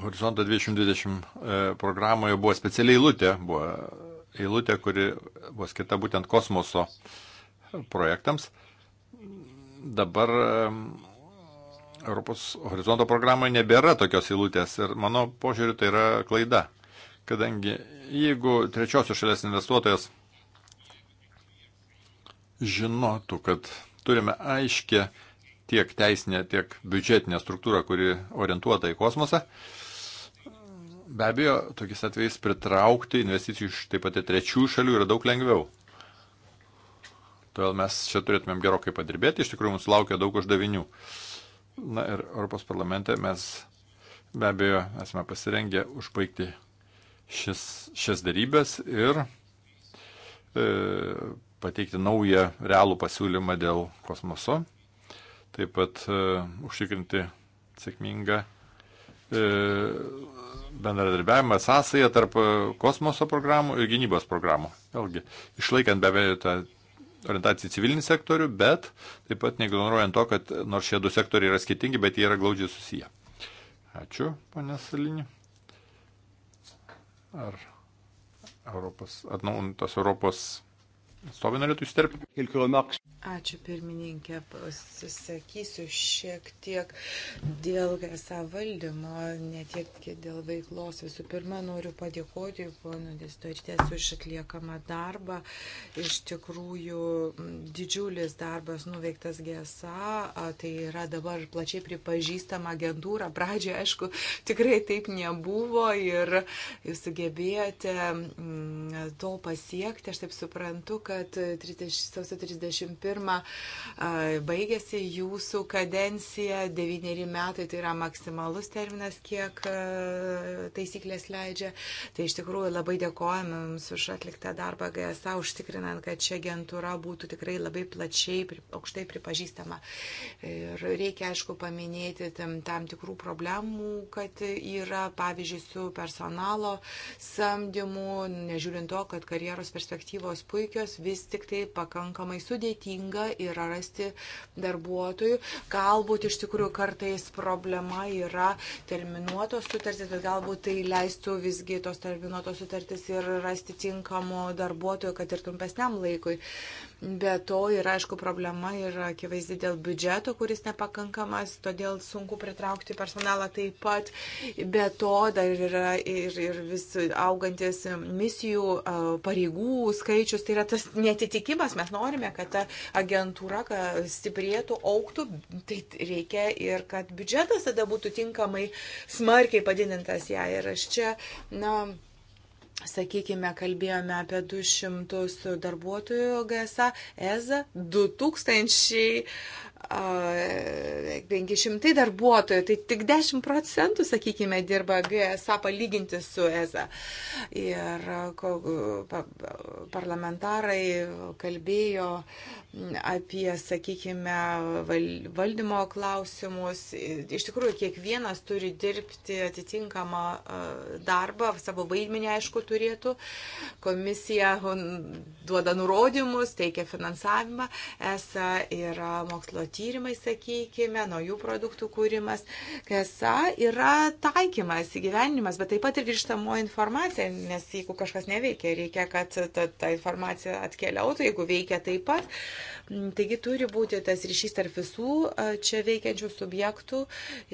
Horizonto 2020 e, programoje buvo specialiai eilutė, buvo eilutė, kuri buvo skirta būtent kosmoso projektams. Dabar e, Europos horizonto programoje nebėra tokios eilutės ir mano požiūriu tai yra klaida, kadangi jeigu trečiosios šalies investuotojas žinotų, kad turime aiškę tiek teisinę, tiek biudžetinę struktūrą, kuri orientuota į kosmosą, uh, Be abejo, tokiais atvejais pritraukti investicijų iš taip pat trečiųjų šalių yra daug lengviau. Todėl mes čia turėtumėm gerokai padirbėti, iš tikrųjų mūsų laukia daug uždavinių. Na ir Europos parlamente mes be abejo esame pasirengę užbaigti šis, šias darybės ir e, pateikti naują realų pasiūlymą dėl kosmoso, taip pat e, užtikrinti sėkmingą E, bendradarbiavimą, sąsąją tarp e, kosmoso programų ir gynybos programų. Vėlgi, išlaikant be abejo tą orientaciją į civilinį sektorių, bet taip pat neignoruojant to, kad nors šie du sektoriai yra skirtingi, bet jie yra glaudžiai susiję. Ačiū, ponė Salinė. Ar Europos, atnauntos Europos Atstovai norėtų įsiterpti. Ačiū pirmininkė, pasisakysiu šiek tiek dėl GSA valdymo, netiek dėl veiklos. Visų pirma, noriu padėkoti ponui Distoritės už atliekamą darbą. Iš tikrųjų, didžiulis darbas nuveiktas GSA, tai yra dabar plačiai pripažįstama agentūra. Pradžioje, aišku, tikrai taip nebuvo ir jūs sugebėjote mm, to pasiekti. Aš taip suprantu, kad kad 30, sausio 31 baigėsi jūsų kadencija, devyneri metai tai yra maksimalus terminas, kiek taisyklės leidžia. Tai iš tikrųjų labai dėkojame Jums už atliktą darbą GSA, užtikrinant, kad ši agentūra būtų tikrai labai plačiai, aukštai pripažįstama. Ir reikia, aišku, paminėti tam, tam tikrų problemų, kad yra, pavyzdžiui, su personalo samdymu, nežiūrint to, kad karjeros perspektyvos puikios, vis tik tai pakankamai sudėtinga yra rasti darbuotojų. Galbūt iš tikrųjų kartais problema yra terminuotos sutartys, bet galbūt tai leistų visgi tos terminuotos sutartys ir rasti tinkamų darbuotojų, kad ir trumpesniam laikui. Be to yra, aišku, problema ir akivaizdi dėl biudžeto, kuris nepakankamas, todėl sunku pritraukti personalą taip pat. Be to dar yra ir, ir vis augantis misijų pareigų skaičius. Tai yra tas netitikimas. Mes norime, kad ta agentūra stiprėtų, auktų. Tai reikia ir kad biudžetas tada būtų tinkamai smarkiai padidintas ją. Ja, ir aš čia, na sakykime, kalbėjome apie 200 darbuotojų GSA, EZA 2500 darbuotojų, tai tik 10 procentų, sakykime, dirba GSA palyginti su EZA. Ir parlamentarai kalbėjo apie, sakykime, valdymo klausimus. Iš tikrųjų, kiekvienas turi dirbti atitinkamą darbą, savo vaidmenį, aišku, turėtų. Komisija duoda nurodymus, teikia finansavimą. ESA yra mokslo tyrimai, sakykime, naujų produktų kūrimas. ESA yra taikymas, įgyvenimas, bet taip pat ir grįžtamo informacija, nes jeigu kažkas neveikia, reikia, kad ta, ta informacija atkeliautų, jeigu veikia taip pat Taigi turi būti tas ryšys tarp visų čia veikiančių subjektų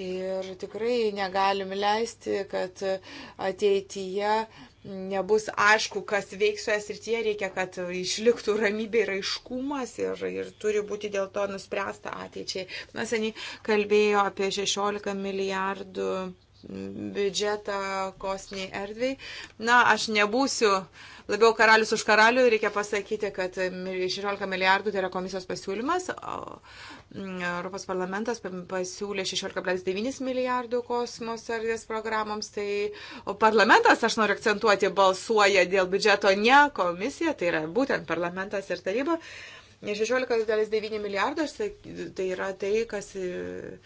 ir tikrai negalim leisti, kad ateityje nebus aišku, kas veiks šioje srityje, reikia, kad išliktų ramybė ir aiškumas ir, ir turi būti dėl to nuspręsta ateičiai. Mes seniai kalbėjo apie 16 milijardų biudžetą kosniai erdviai. Na, aš nebūsiu labiau karalius už karalių, reikia pasakyti, kad 16 milijardų tai yra komisijos pasiūlymas, Europos parlamentas pasiūlė 16,9 milijardų kosmoso erdvės programoms, tai o parlamentas, aš noriu akcentuoti, balsuoja dėl biudžeto, ne komisija, tai yra būtent parlamentas ir taryba. Uh, 16,9 milijardo tai yra tai, kas e,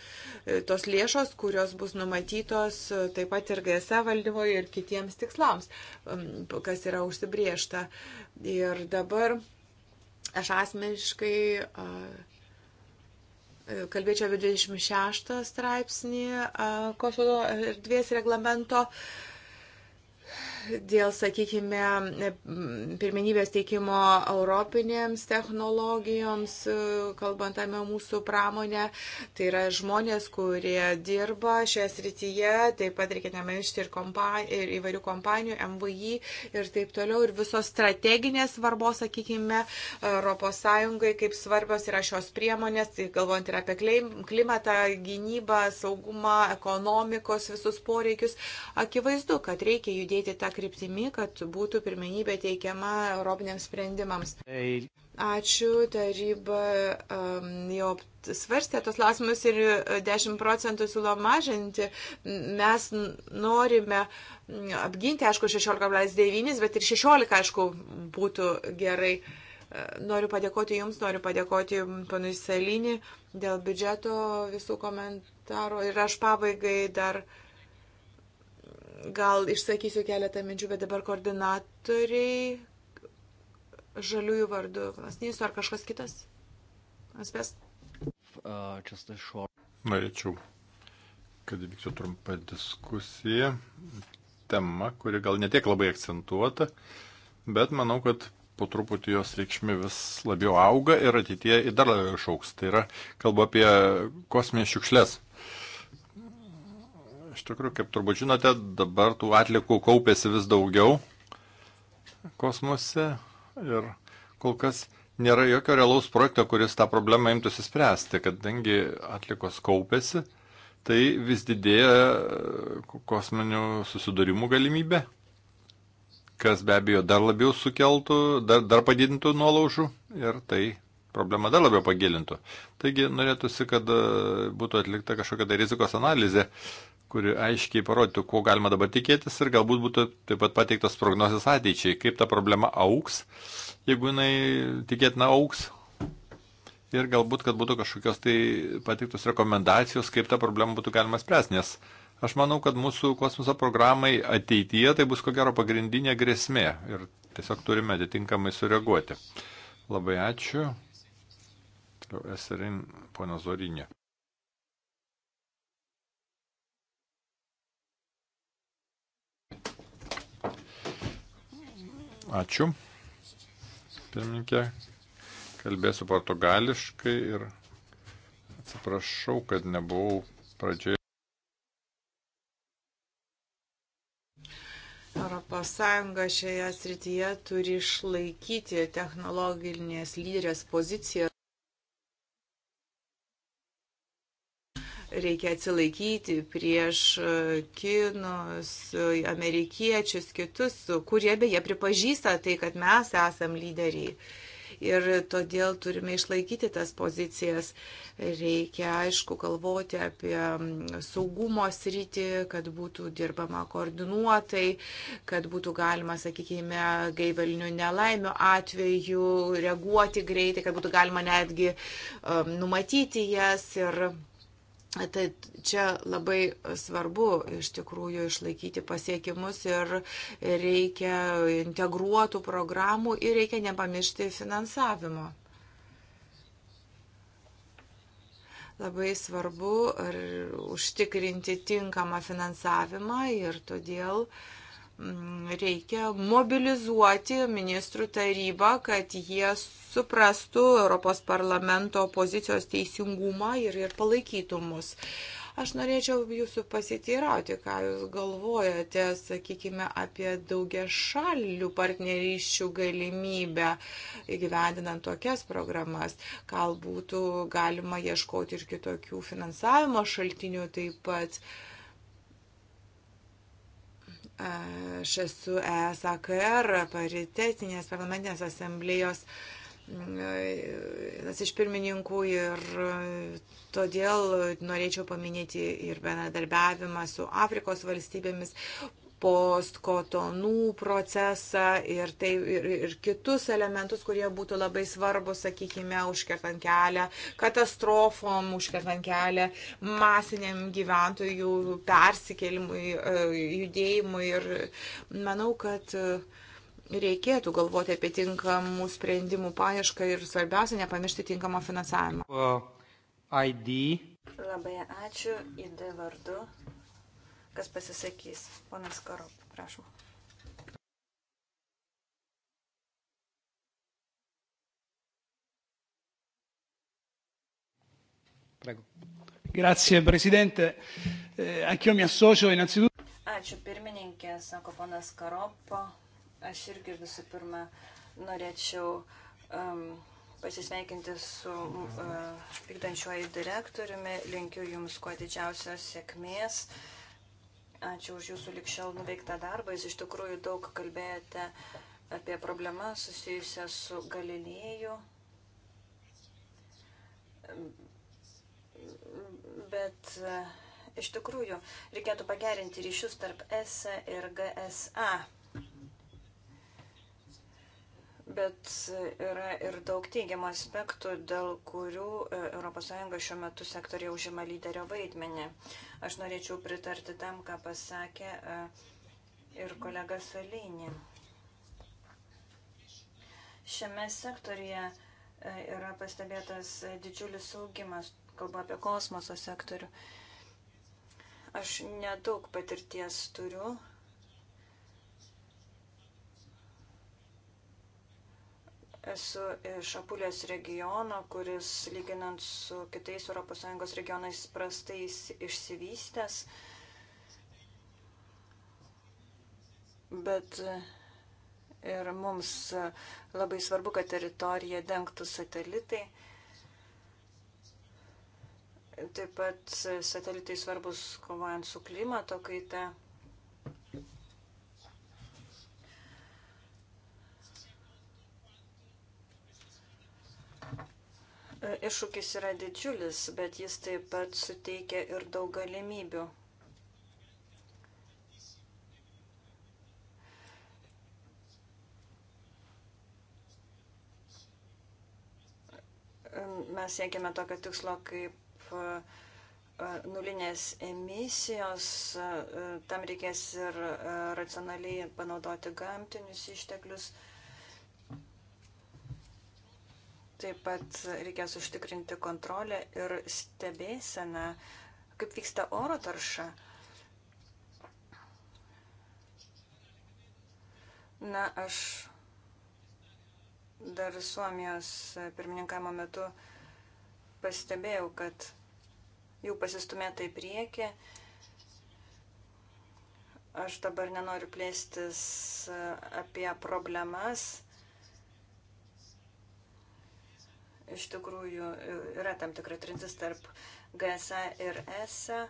e, tos lėšos, kurios bus numatytos e, taip pat ir GSA valdymoje ir kitiems tikslams, kas yra užsibriešta. Ir dabar aš asmeniškai kalbėčiau apie 26 straipsnį Kosovo erdvės reglamento. A, dėl, sakykime, pirmenybės teikimo europinėms technologijoms, e, kalbant apie mūsų pramonę. Tai yra žmonės, kurie dirba šioje srityje, taip pat reikia nemiršti ir, kompa, ir įvairių kompanijų, MVI ir taip toliau. Ir visos strateginės svarbos, sakykime, ES, kaip svarbios yra šios priemonės, tai galvojant ir apie klimatą, gynybą, saugumą, ekonomikos visus poreikius. Akivaizdu, kad reikia judėti tą kryptimį, kad būtų pirmenybė teikiama europiniams sprendimams. Ačiū, taryba um, jau svarstė tos klausimus ir 10 uh, procentų siūlo mažinti. Mes norime mm, apginti, aišku, 16,9, bet ir 16, aišku, būtų gerai. Uh, noriu padėkoti Jums, noriu padėkoti mm, panui Salinį dėl biudžeto visų komentarų ir aš pabaigai dar uh, Gal išsakysiu keletą minčių, bet dabar koordinatoriai žaliųjų vardu. Vasnys ar kažkas kitas? Aspės? Uh, Norėčiau, kad vyktų trumpa diskusija. Tema, kuri gal netiek labai akcentuota, bet manau, kad po truputį jos reikšmė vis labiau auga ir ateitie dar labiau išauks. Tai yra, kalbu apie kosminės šiukšlės. Iš tikrųjų, kaip turbūt žinote, dabar tų atlikų kaupėsi vis daugiau kosmose ir kol kas nėra jokio realaus projekto, kuris tą problemą imtųsi spręsti, kadangi atlikos kaupėsi, tai vis didėja kosminių susidūrimų galimybė, kas be abejo dar labiau sukeltų, dar, dar padidintų nuolaužų ir tai problema dar labiau pagilintų. Taigi norėtųsi, kad e, būtų atlikta kažkokia tai rizikos analizė kuri aiškiai parodytų, ko galima dabar tikėtis ir galbūt būtų taip pat pateiktos prognozijas ateičiai, kaip ta problema auks, jeigu jinai tikėtina auks. Ir galbūt, kad būtų kažkokios tai pateiktos rekomendacijos, kaip tą problemą būtų galima spręsti, nes aš manau, kad mūsų kosmoso programai ateityje tai bus ko gero pagrindinė grėsmė ir tiesiog turime atitinkamai sureaguoti. Labai ačiū. Eserin, pono Zorinė. Ačiū. Pirmininkė, kalbėsiu portugališkai ir atsiprašau, kad nebuvau pradžioje. ES šioje srityje turi išlaikyti technologinės lyderės poziciją reikia atsilaikyti prieš e, kinus, e, amerikiečius, kitus, kurie beje pripažįsta tai, kad mes esam lyderiai. Ir todėl turime išlaikyti tas pozicijas. Reikia, aišku, galvoti apie saugumo sritį, kad būtų dirbama koordinuotai, kad būtų galima, sakykime, gaivalinių nelaimių atveju reaguoti greitai, kad būtų galima netgi um, numatyti jas. Ir Tai čia labai svarbu iš tikrųjų išlaikyti pasiekimus ir reikia integruotų programų ir reikia nepamiršti finansavimo. Labai svarbu užtikrinti tinkamą finansavimą ir todėl uh, Mm, reikia mobilizuoti ministrų tarybą, kad jie suprastų Europos parlamento pozicijos teisingumą ir, ir palaikytų mus. Aš norėčiau jūsų pasitirauti, ką jūs galvojate, sakykime, apie daugia šalių partnerysčių galimybę įgyvendinant tokias programas. Gal būtų galima ieškoti ir kitokių finansavimo šaltinių taip pat. Uh, Aš esu ESAKR paritetinės parlamentinės asamblėjos mm, vienas iš pirmininkų ir todėl norėčiau paminėti ir bendradarbiavimą su Afrikos valstybėmis, postkotonų procesą ir, tai, ir, ir kitus elementus, kurie būtų labai svarbus, sakykime, užkertant kelią katastrofom, užkertant kelią masiniam gyventojų persikėlimui, e, judėjimui. Ir manau, kad e, reikėtų galvoti apie tinkamų sprendimų paiešką ir svarbiausia, nepamiršti tinkamo finansavimo. ID. Labai ačiū, ID vardu kas pasisakys. Ponas Karop, prašom. Prego. Grazie Presidente, eh, anch'io mi associo innanzitutto. Ačiū pirmininkė, sako ponas Karopo. Aš irgi visų pirma norėčiau um, pasisveikinti su uh, vykdančiuoju direktoriumi. Linkiu Jums kuo didžiausios sėkmės. Uh, Ačiū už jūsų likščiau nuveiktą darbą. Jūs iš tikrųjų daug kalbėjote apie problemą susijusią su Galilėju. Bet e, iš tikrųjų reikėtų pagerinti ryšius tarp ESA ir GSA bet yra ir daug teigiamų aspektų, dėl kurių ES šiuo metu sektorija užima lyderio vaidmenį. Aš norėčiau pritarti tam, ką pasakė e, ir kolega Salinį. Šiame sektorija e, yra pastebėtas didžiulis augimas, kalbu apie kosmoso sektorių. Aš nedaug patirties turiu Esu iš Apulės regiono, kuris lyginant su kitais ES regionais prastai išsivystęs. Bet ir mums labai svarbu, kad teritoriją dengtų satelitai. Taip pat satelitai svarbus kovojant su klimato kaita. Iššūkis yra didžiulis, bet jis taip pat suteikia ir daug galimybių. Mes siekiame tokio tikslo kaip e, nulinės emisijos, e, tam reikės ir e, racionaliai panaudoti gamtinius išteklius. Taip pat reikės užtikrinti kontrolę ir stebėseną, kaip vyksta oro tarša. Na, aš dar Suomijos pirmininkavimo metu pastebėjau, kad jau pasistumėta į priekį. Aš dabar nenoriu plėstis e, apie problemas iš tikrųjų e, yra tam tikra trintis tarp GSA ir ESA.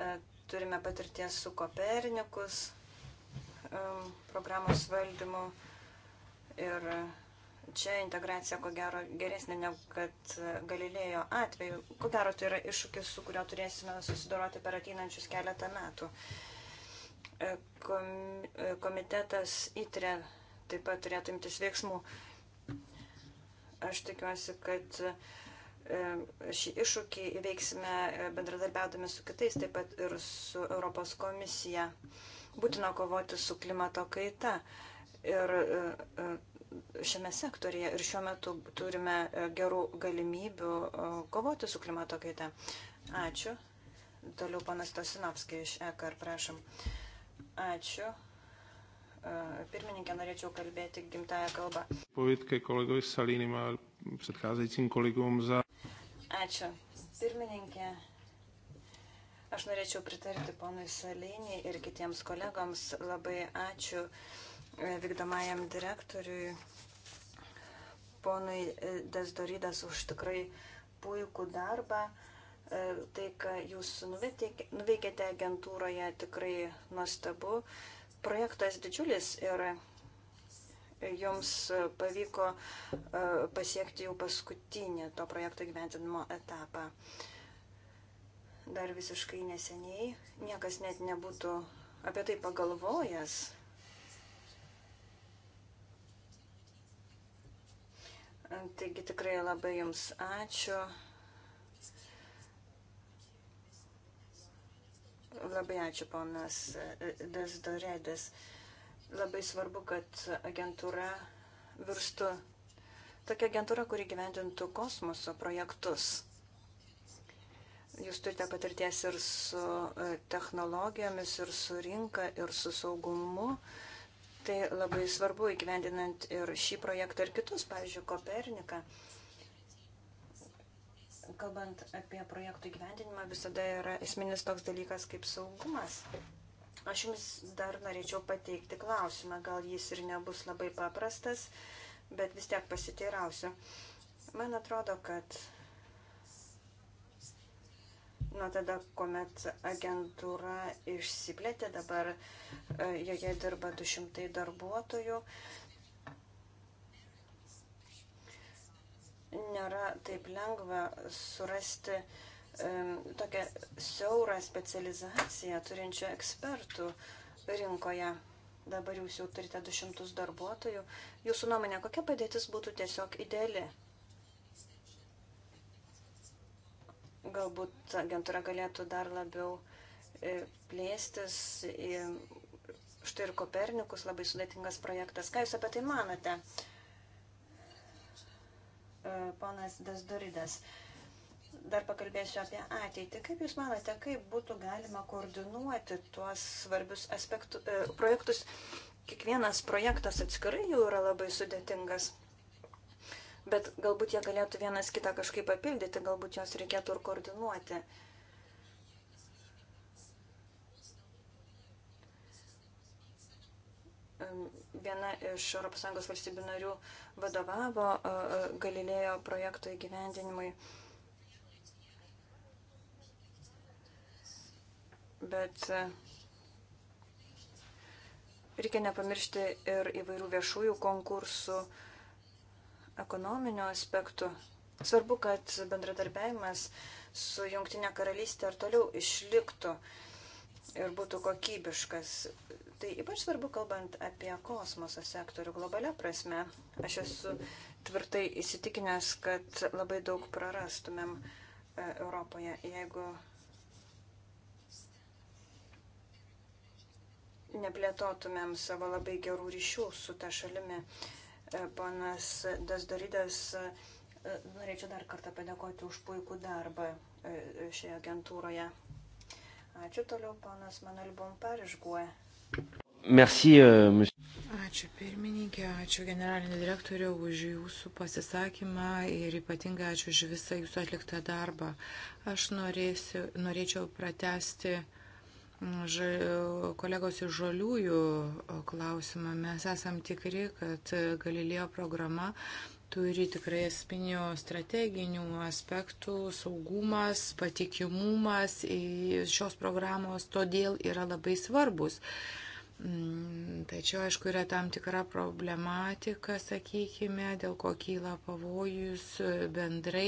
E, turime patirties su Kopernikus e, programos valdymu ir čia integracija ko gero geresnė negu kad Galilėjo atveju. Ko gero tai yra iššūkis, su kurio turėsime susidoroti per ateinančius keletą metų. Komitetas ITRE taip pat turėtų imtis veiksmų. Aš tikiuosi, kad e, šį iššūkį įveiksime e, bendradarbiaudami su kitais, taip pat ir su Europos komisija. Būtina kovoti su klimato kaita. Ir e, šiame sektorėje ir šiuo metu turime gerų galimybių kovoti su klimato kaita. Ačiū. Toliau panas Tosinovskis iš EKR, prašom. Ačiū pirmininkė, norėčiau kalbėti gimtają kalbą. Povitkai kolegoj Salinima, předcházejícím kolegom za. Ačiū. Pirmininkė, aš norėčiau pritarti ponui Salinį ir kitiems kolegoms. Labai ačiū e, vykdomajam direktoriui, ponui e, Desdorydas, už tikrai puikų darbą e, tai, ką jūs nuveikėte agentūroje, tikrai nuostabu. Projektas didžiulis ir jums pavyko e, pasiekti jau paskutinį to projekto gyventinimo etapą. Dar visiškai neseniai niekas net nebūtų apie tai pagalvojęs. Taigi tikrai labai jums ačiū. Labai ačiū, ponas e, Desdoredis. Labai svarbu, kad agentūra virstų tokia agentūra, kuri gyvendintų kosmoso projektus. Jūs turite patirties ir su e, technologijomis, ir su rinka, ir su saugumu. Tai labai svarbu įgyvendinant ir šį projektą, ir kitus, pavyzdžiui, Koperniką. Uh, kalbant apie projektų gyvendinimą, visada yra esminis toks dalykas kaip saugumas. Aš jums dar norėčiau pateikti klausimą, gal jis ir nebus labai paprastas, bet vis tiek pasiteirausiu. Man atrodo, kad nuo tada, kuomet agentūra išsiplėtė, dabar e, joje dirba 200 darbuotojų. Uh, nėra taip lengva surasti um, tokią siaurą specializaciją turinčių ekspertų rinkoje. Dabar jūs jau turite 200 darbuotojų. Jūsų nuomonė, kokia padėtis būtų tiesiog ideali? Galbūt agentūra galėtų dar labiau e, plėstis. E, štai ir Kopernikus labai sudėtingas projektas. Ką Jūs apie tai manote? Uh, E, ponas Dasdoridas. Dar pakalbėsiu apie ateitį. Kaip Jūs manote, kaip būtų galima koordinuoti tuos svarbius aspektu, e, projektus? Kiekvienas projektas atskirai jau yra labai sudėtingas, bet galbūt jie galėtų vienas kitą kažkaip papildyti, galbūt juos reikėtų ir koordinuoti. Um, viena iš ES valstybių narių vadovavo Galilėjo projekto įgyvendinimui. Bet reikia nepamiršti ir įvairių viešųjų konkursų ekonominio aspektų. Svarbu, kad bendradarbiavimas su Junktinė karalystė ir toliau išliktų ir būtų kokybiškas. Tai ypač svarbu, kalbant apie kosmoso sektorių globalia prasme. Aš esu tvirtai įsitikinęs, kad labai daug prarastumėm e, Europoje, jeigu neplėtotumėm savo labai gerų ryšių su ta šalimi. E, panas Dasdoridas, e, norėčiau dar kartą padėkoti už puikų darbą šioje agentūroje. Ačiū toliau, panas Manuel Bompar iš Guoja. Merci, uh, ačiū pirmininkė, ačiū generalinė direktorė už jūsų pasisakymą ir ypatingai ačiū už visą jūsų atliktą darbą. Aš norėsiu, norėčiau pratesti mm, kolegos iš žoliųjų klausimą. Mes esam tikri, kad Galilėjo programa turi tikrai esminių strateginių aspektų - saugumas, patikimumas šios programos, todėl yra labai svarbus. Mm, tačiau, aišku, yra tam tikra problematika, sakykime, dėl ko kyla pavojus e, bendrai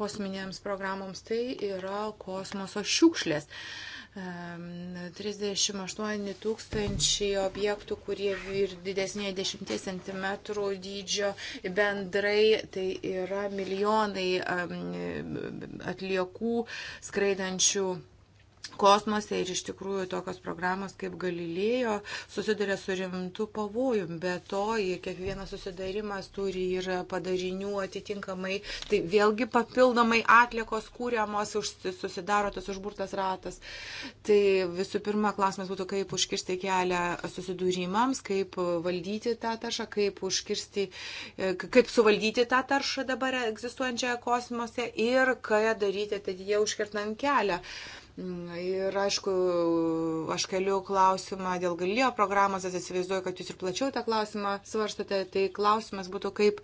kosminėms programoms, tai yra kosmoso šiukšlės. 38 tūkstančiai objektų, kurie ir didesnėje 10 cm dydžio bendrai, tai yra milijonai atliekų skraidančių kosmose ir iš tikrųjų tokios programos kaip Galilėjo susiduria su rimtu pavojum, bet to kiekvienas susidarimas turi ir padarinių atitinkamai, tai vėlgi papildomai atliekos kūriamos, susidaro tas užburtas ratas. Tai visų pirma, klausimas būtų, kaip užkirsti kelią susidūrimams, kaip valdyti tą taršą, kaip užkirsti, kaip suvaldyti tą taršą dabar egzistuojančią kosmose ir ką daryti, kad jie užkirtant kelią. Ir aišku, aš keliu klausimą dėl galėjo programos, aš įsivaizduoju, kad jūs ir plačiau tą klausimą svarstote. Tai klausimas būtų, kaip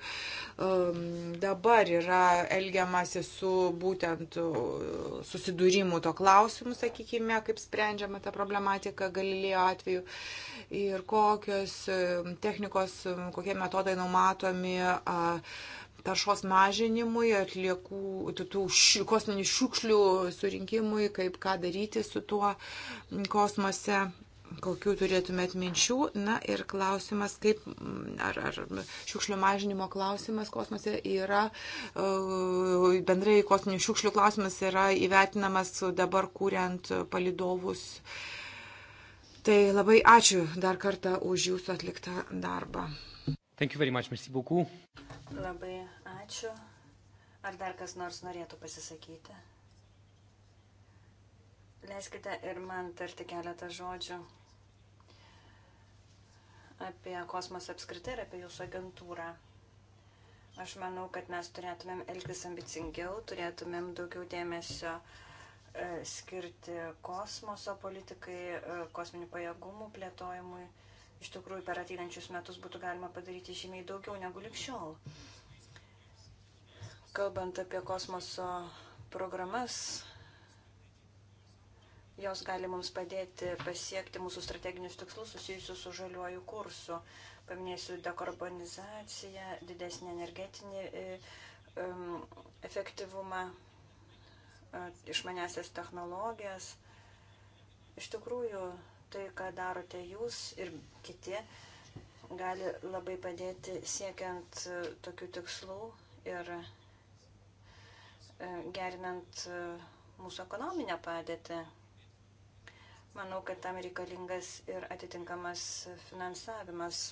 um, dabar yra elgiamasi su būtent uh, susidūrimu to klausimu, sakykime, kaip sprendžiama ta problematika galėjo atveju ir kokios um, technikos, um, kokie metodai numatomi. Uh, taršos mažinimui, atliekų, tų kosminių šiukšlių surinkimui, kaip ką daryti su tuo kosmose, kokių turėtumėt minčių. Na ir klausimas, kaip, ar, ar šiukšlių mažinimo klausimas kosmose yra, e, bendrai kosminių šiukšlių klausimas yra įvertinamas dabar kūriant palidovus. Tai labai ačiū dar kartą už jūsų atliktą darbą. Thank you very much, merci beaucoup. Labai ačiū. Ar dar kas nors norėtų pasisakyti? Leiskite ir man tarti keletą žodžių apie kosmosą apskritai ir apie jūsų agentūrą. Aš manau, kad mes turėtumėm elgtis ambicingiau, turėtumėm daugiau dėmesio e, skirti kosmoso politikai, e, kosminių pajėgumų plėtojimui iš tikrųjų per ateinančius metus būtų galima padaryti žymiai daugiau negu likščiol. Kalbant apie kosmoso programas, jos gali mums padėti pasiekti mūsų strateginius tikslus susijusius su žaliuoju kursu. Paminėsiu dekarbonizaciją, didesnį energetinį um, efektyvumą, e, išmanesias technologijas. Iš tikrųjų, tai, ką darote jūs ir kiti, gali labai padėti siekiant e, tokių tikslų ir e, gerinant e, mūsų ekonominę padėtį. Manau, kad tam reikalingas ir atitinkamas finansavimas.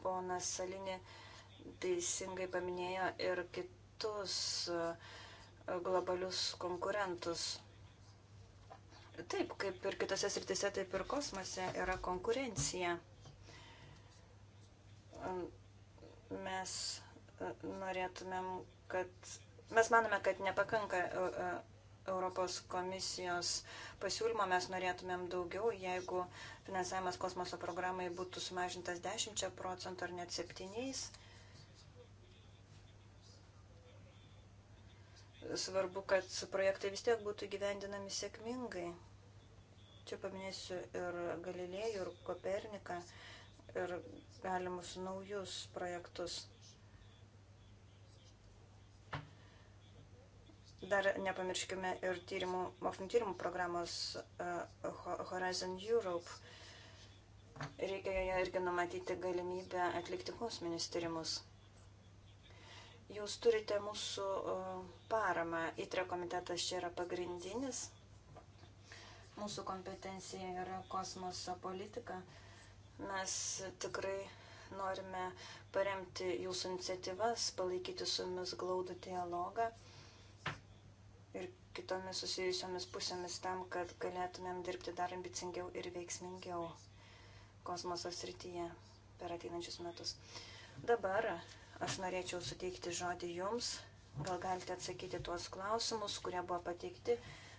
Ponas Salinė teisingai paminėjo ir kitus globalius konkurentus Taip, kaip ir kitose sritise, taip ir kosmose yra konkurencija. Mes e, norėtumėm, kad. Mes manome, kad nepakanka e, e, Europos komisijos pasiūlymo, mes norėtumėm daugiau, jeigu finansavimas kosmoso programai būtų sumažintas 10 procentų ar net 7. Svarbu, kad projektai vis tiek būtų gyvendinami sėkmingai. Čia paminėsiu ir Galilėjų, ir Koperniką, ir galimus naujus projektus. Dar nepamirškime ir tyrimų, mokslinio tyrimų programos uh, Horizon Europe. Reikia joje irgi numatyti galimybę atlikti kosminis tyrimus. Jūs turite mūsų uh, paramą. ITRE komitetas čia yra pagrindinis mūsų kompetencija yra kosmoso politika. Mes tikrai norime paremti jūsų iniciatyvas, palaikyti su jumis glaudų dialogą ir kitomis susijusiomis pusėmis tam, kad galėtumėm dirbti dar ambicingiau ir veiksmingiau kosmoso srityje per ateinančius metus. Dabar aš norėčiau suteikti žodį jums. Gal galite atsakyti tuos klausimus, kurie buvo pateikti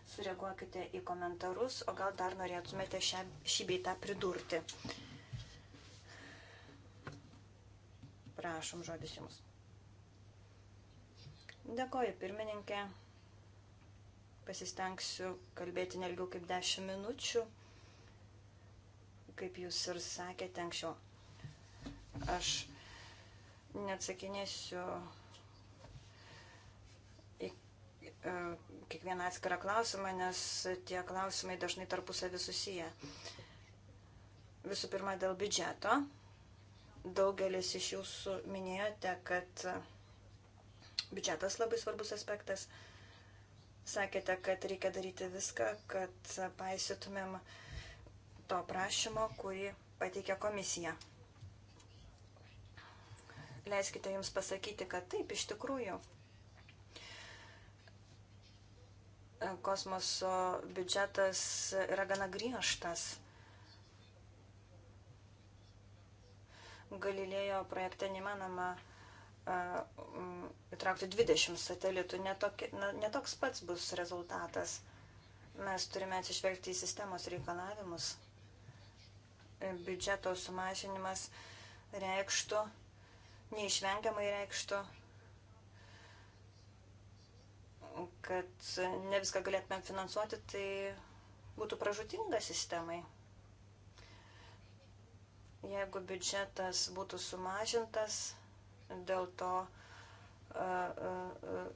sureaguokite į komentarus, o gal dar norėtumėte šią, šį beitą pridurti. Prašom žodis jums. Dėkoju pirmininkė. Pasistengsiu kalbėti nelgiau kaip 10 minučių, kaip jūs ir sakėte anksčiau. Aš neatsakinėsiu į e, kiekvieną atskirą klausimą, nes tie klausimai dažnai tarpusavį susiję. Visų pirma, dėl biudžeto. Daugelis iš jūsų minėjote, kad biudžetas labai svarbus aspektas. Sakėte, kad reikia daryti viską, kad paisytumėm to prašymo, kurį pateikė komisija. Leiskite jums pasakyti, kad taip, iš tikrųjų, kosmoso biudžetas yra gana griežtas. Galilėjo projekte nemanoma mm, įtraukti 20 satelitų, netok, netoks pats bus rezultatas. Mes turime atsižvelgti į sistemos reikalavimus. Biudžeto sumažinimas reikštų, neišvengiamai reikštų kad ne viską galėtumėm finansuoti, tai būtų pražutinga sistemai. Jeigu biudžetas būtų sumažintas, dėl to uh, uh,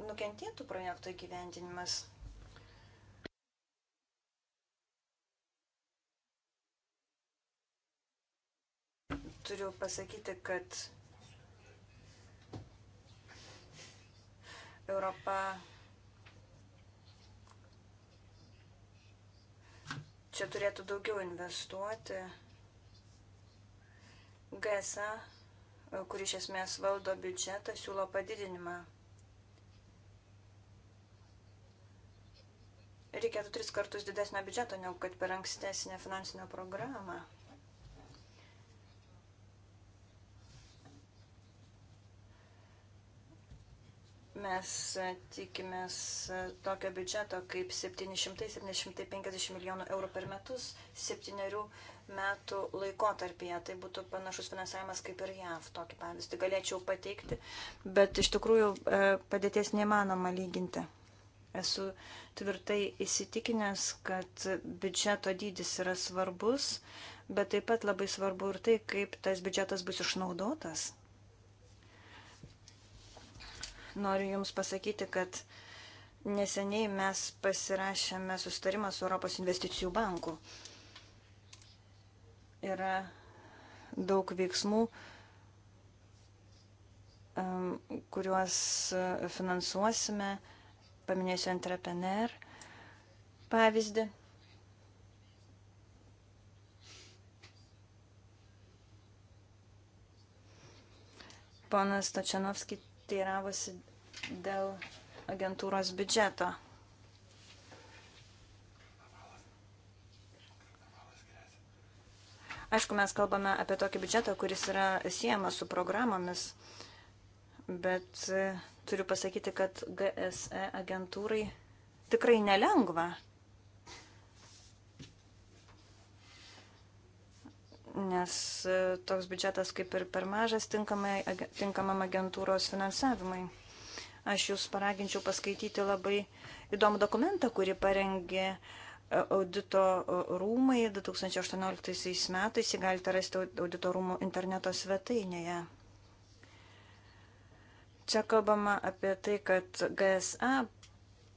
nukentėtų projekto įgyvendinimas. Turiu pasakyti, kad Europa čia turėtų daugiau investuoti. GSA, kuri iš esmės valdo biudžetą, siūlo padidinimą. Reikėtų tris kartus didesnio biudžeto, negu kad per ankstesnę finansinę programą. mes e, tikimės e, tokio biudžeto kaip 700-750 milijonų eurų per metus septyniarių metų laikotarpyje. Tai būtų panašus finansavimas kaip ir JAV, tokį pavyzdį galėčiau pateikti, bet iš tikrųjų e, padėties neįmanoma lyginti. Esu tvirtai įsitikinęs, kad biudžeto dydis yra svarbus, bet taip pat labai svarbu ir tai, kaip tas biudžetas bus išnaudotas. Noriu Jums pasakyti, kad neseniai mes pasirašėme sustarimą su Europos investicijų banku. Yra daug veiksmų, kuriuos finansuosime. Paminėsiu entrepreneur pavyzdį. Ponas Točianovskis teiravosi dėl agentūros biudžeto. Aišku, mes kalbame apie tokį biudžetą, kuris yra siejamas su programomis, bet turiu pasakyti, kad GSE agentūrai tikrai nelengva nes e, toks biudžetas kaip ir per mažas tinkamai, tinkamam agentūros finansavimui. Aš jūs paraginčiau paskaityti labai įdomų dokumentą, kurį parengė e, audito e, rūmai 2018 metais. Jį galite rasti audito rūmų interneto svetainėje. Čia kalbama apie tai, kad GSA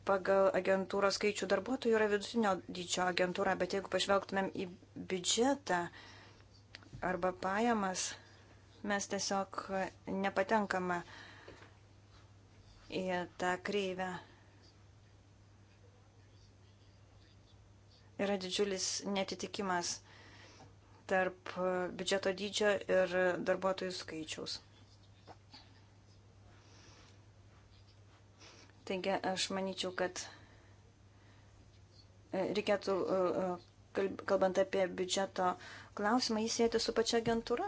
pagal agentūros skaičių darbuotojų yra vidutinio dydžio agentūra, bet jeigu pažvelgtumėm į biudžetą, uh, arba pajamas, mes tiesiog nepatenkame į tą kreivę. Yra didžiulis netitikimas tarp biudžeto dydžio ir darbuotojų skaičiaus. Taigi aš manyčiau, kad e, reikėtų, e, e, kalbant apie biudžeto klausimą įsėti su pačia agentūra.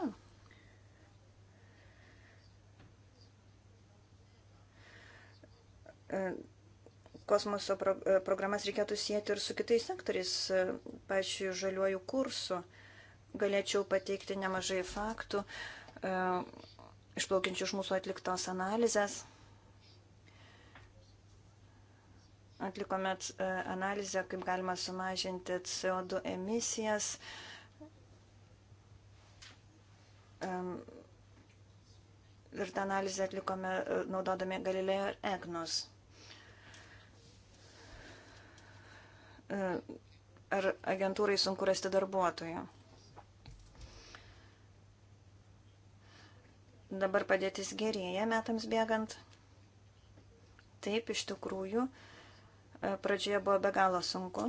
E, kosmoso pro, e, programas reikėtų sėti ir su kitais sektoriais, e, pačiu žaliuoju kursu. Galėčiau pateikti nemažai faktų, išplaukiančių iš mūsų atliktos analizės. atlikome analizę, kaip galima sumažinti CO2 emisijas, ir tą analizę atlikome e, naudodami Galilėjo ir Egnos. E, ar agentūrai sunku rasti darbuotojų? Dabar padėtis gerėja metams bėgant. Taip, iš tikrųjų, e, pradžioje buvo be galo sunku.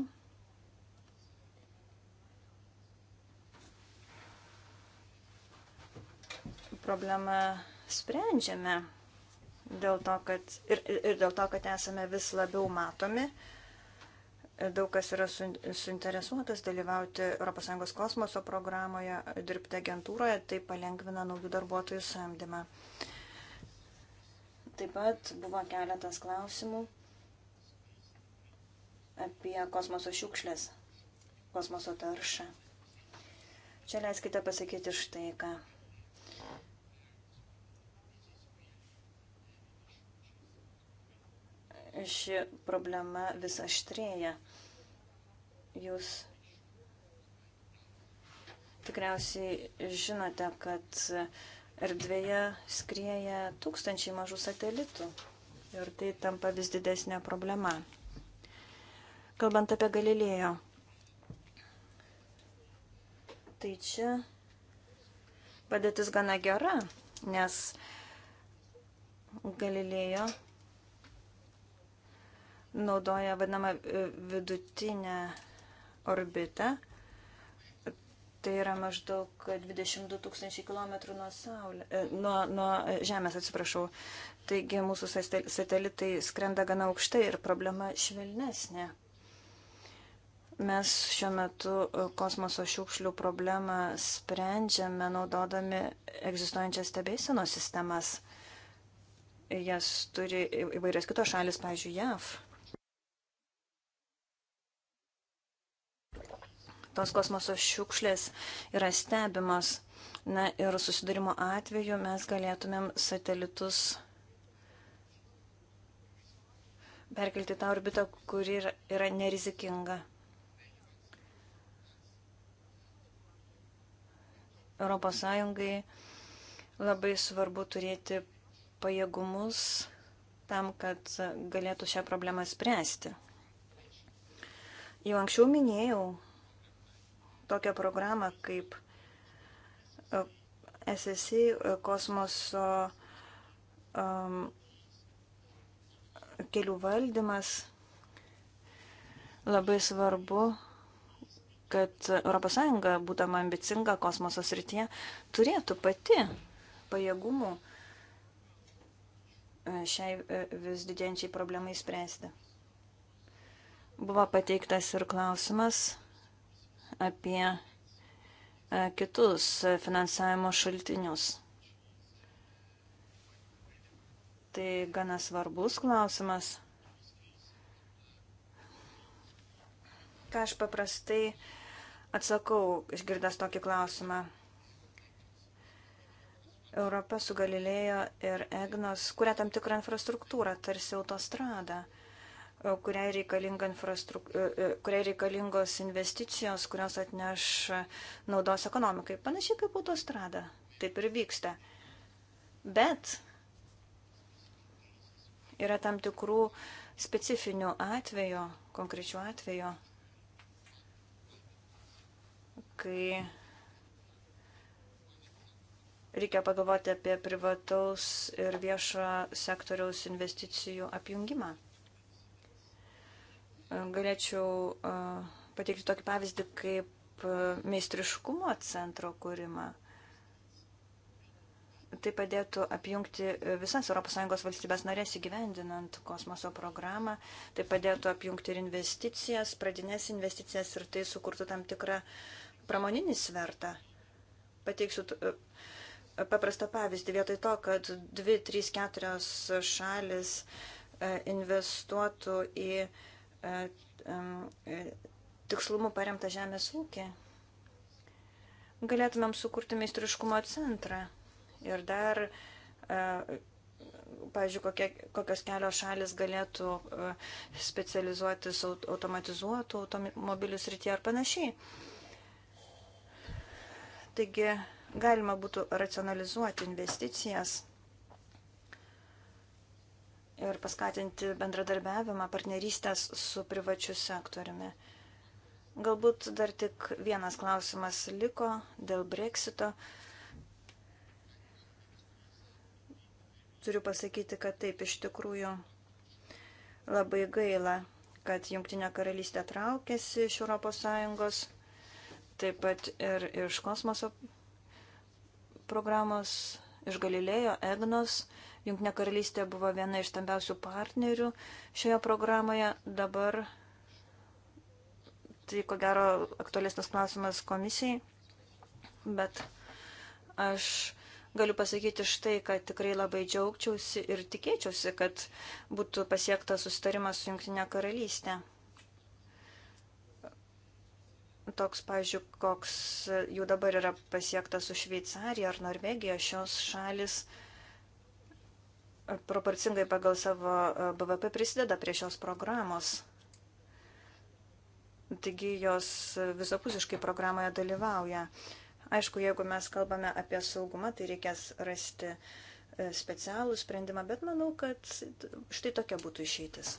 problemą sprendžiame dėl to, kad, ir, ir dėl to, kad esame vis labiau matomi. Daug kas yra su, suinteresuotas dalyvauti ES kosmoso programoje, dirbti agentūroje, tai palengvina naujų darbuotojų samdymą. Taip pat buvo keletas klausimų apie kosmoso šiukšlės, kosmoso taršą. Čia leiskite pasakyti štai ką. ši problema vis aštrėja. Jūs tikriausiai žinote, kad erdvėje skrieja tūkstančiai mažų satelitų ir tai tampa vis didesnė problema. Kalbant apie Galilėjo, tai čia padėtis gana gera, nes Galilėjo naudoja vadinamą e, vidutinę orbitą. Tai yra maždaug 22 tūkstančiai kilometrų nuo, saulė, e, nuo, nuo Žemės, atsiprašau. Taigi mūsų satelitai skrenda gana aukštai ir problema švelnesnė. Mes šiuo metu e, kosmoso šiukšlių problemą sprendžiame naudodami egzistuojančias stebėsienos sistemas. Jas turi įvairias kitos šalis, pavyzdžiui, JAV. tos kosmoso šiukšlės yra stebimos. Na ir susidarimo atveju mes galėtumėm satelitus perkelti tą orbitą, kuri yra, yra nerizikinga. Europos Sąjungai labai svarbu turėti pajėgumus tam, kad galėtų šią problemą spręsti. Jau anksčiau minėjau, tokią programą kaip e, SSI e, kosmoso um, kelių valdymas. Labai svarbu, kad ES, būdama ambicinga kosmoso srityje, turėtų pati pajėgumų e, šiai vis didėjančiai problemai spręsti. Buvo pateiktas ir klausimas apie e, kitus finansavimo šaltinius. Tai gana svarbus klausimas. Ką aš paprastai atsakau, išgirdęs tokį klausimą. Europa su Galilėjo ir Egnos kuria tam tikrą infrastruktūrą, tarsi autostradą kuriai, reikalinga e, e, kuriai reikalingos investicijos, kurios atneš naudos ekonomikai. Panašiai kaip autostrada. Taip ir vyksta. Bet yra tam tikrų specifinių atvejo, konkrečių atvejo, kai reikia pagalvoti apie privataus ir viešo sektoriaus investicijų apjungimą. Galėčiau pateikti tokį pavyzdį kaip meistriškumo centro kūrimą. Tai padėtų apjungti visas ES valstybės narės įgyvendinant kosmoso programą, tai padėtų apjungti ir investicijas, pradinės investicijas ir tai sukurtų tam tikrą pramoninį svertą. Pateiksiu paprastą pavyzdį. Vietoj to, kad 2, 3, 4 šalis investuotų į uh, tikslumų paremtą žemės ūkį, galėtumėm sukurti meistriškumo centrą. Ir dar, e, pavyzdžiui, kokie, kokios kelios šalis galėtų e, specializuotis automatizuotų automobilių srityje ar panašiai. Taigi galima būtų racionalizuoti investicijas ir paskatinti bendradarbiavimą, partnerystės su privačiu sektoriumi. Galbūt dar tik vienas klausimas liko dėl breksito. Turiu pasakyti, kad taip iš tikrųjų labai gaila, kad Junktinė karalystė traukėsi iš ES, taip pat ir iš kosmoso programos, iš Galilėjo, EGNOS. Junktinė karalystė buvo viena iš stambiausių partnerių šioje programoje. Dabar tai ko gero aktualesnis klausimas komisijai, bet aš galiu pasakyti štai, kad tikrai labai džiaugčiausi ir tikėčiausi, kad būtų pasiektas sustarimas su Junktinė karalystė. Toks, pavyzdžiui, koks jau dabar yra pasiektas su Šveicarija ar Norvegija, šios šalis uh, proporcingai pagal savo e, BVP prisideda prie šios programos. Taigi jos visapusiškai programoje dalyvauja. Aišku, jeigu mes kalbame apie saugumą, tai reikės rasti e, specialų sprendimą, bet manau, kad štai tokia būtų išeitis.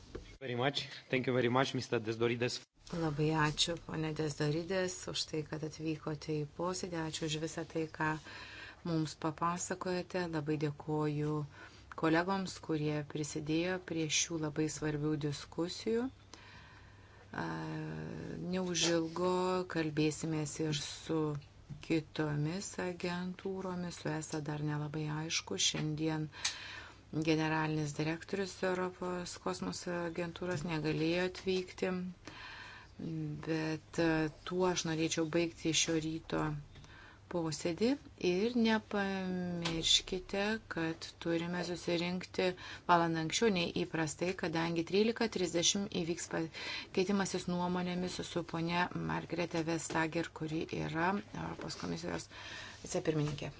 Labai ačiū, ponė Desdarydės, už tai, kad atvykote į posėdį. Ačiū už visą tai, ką mums papasakojate. Labai dėkoju kolegoms, kurie prisidėjo prie šių labai svarbių diskusijų. Neužilgo kalbėsimės ir su kitomis agentūromis, su ESA dar nelabai aišku. Šiandien generalinis direktorius Europos kosmoso agentūros negalėjo atvykti, bet tuo aš norėčiau baigti šio ryto posėdį ir nepamirškite, kad turime susirinkti valandą anksčiau nei įprastai, kadangi 13.30 įvyks keitimasis nuomonėmis su ponia Margrete Vestager, kuri yra Europos komisijos vicepirmininkė.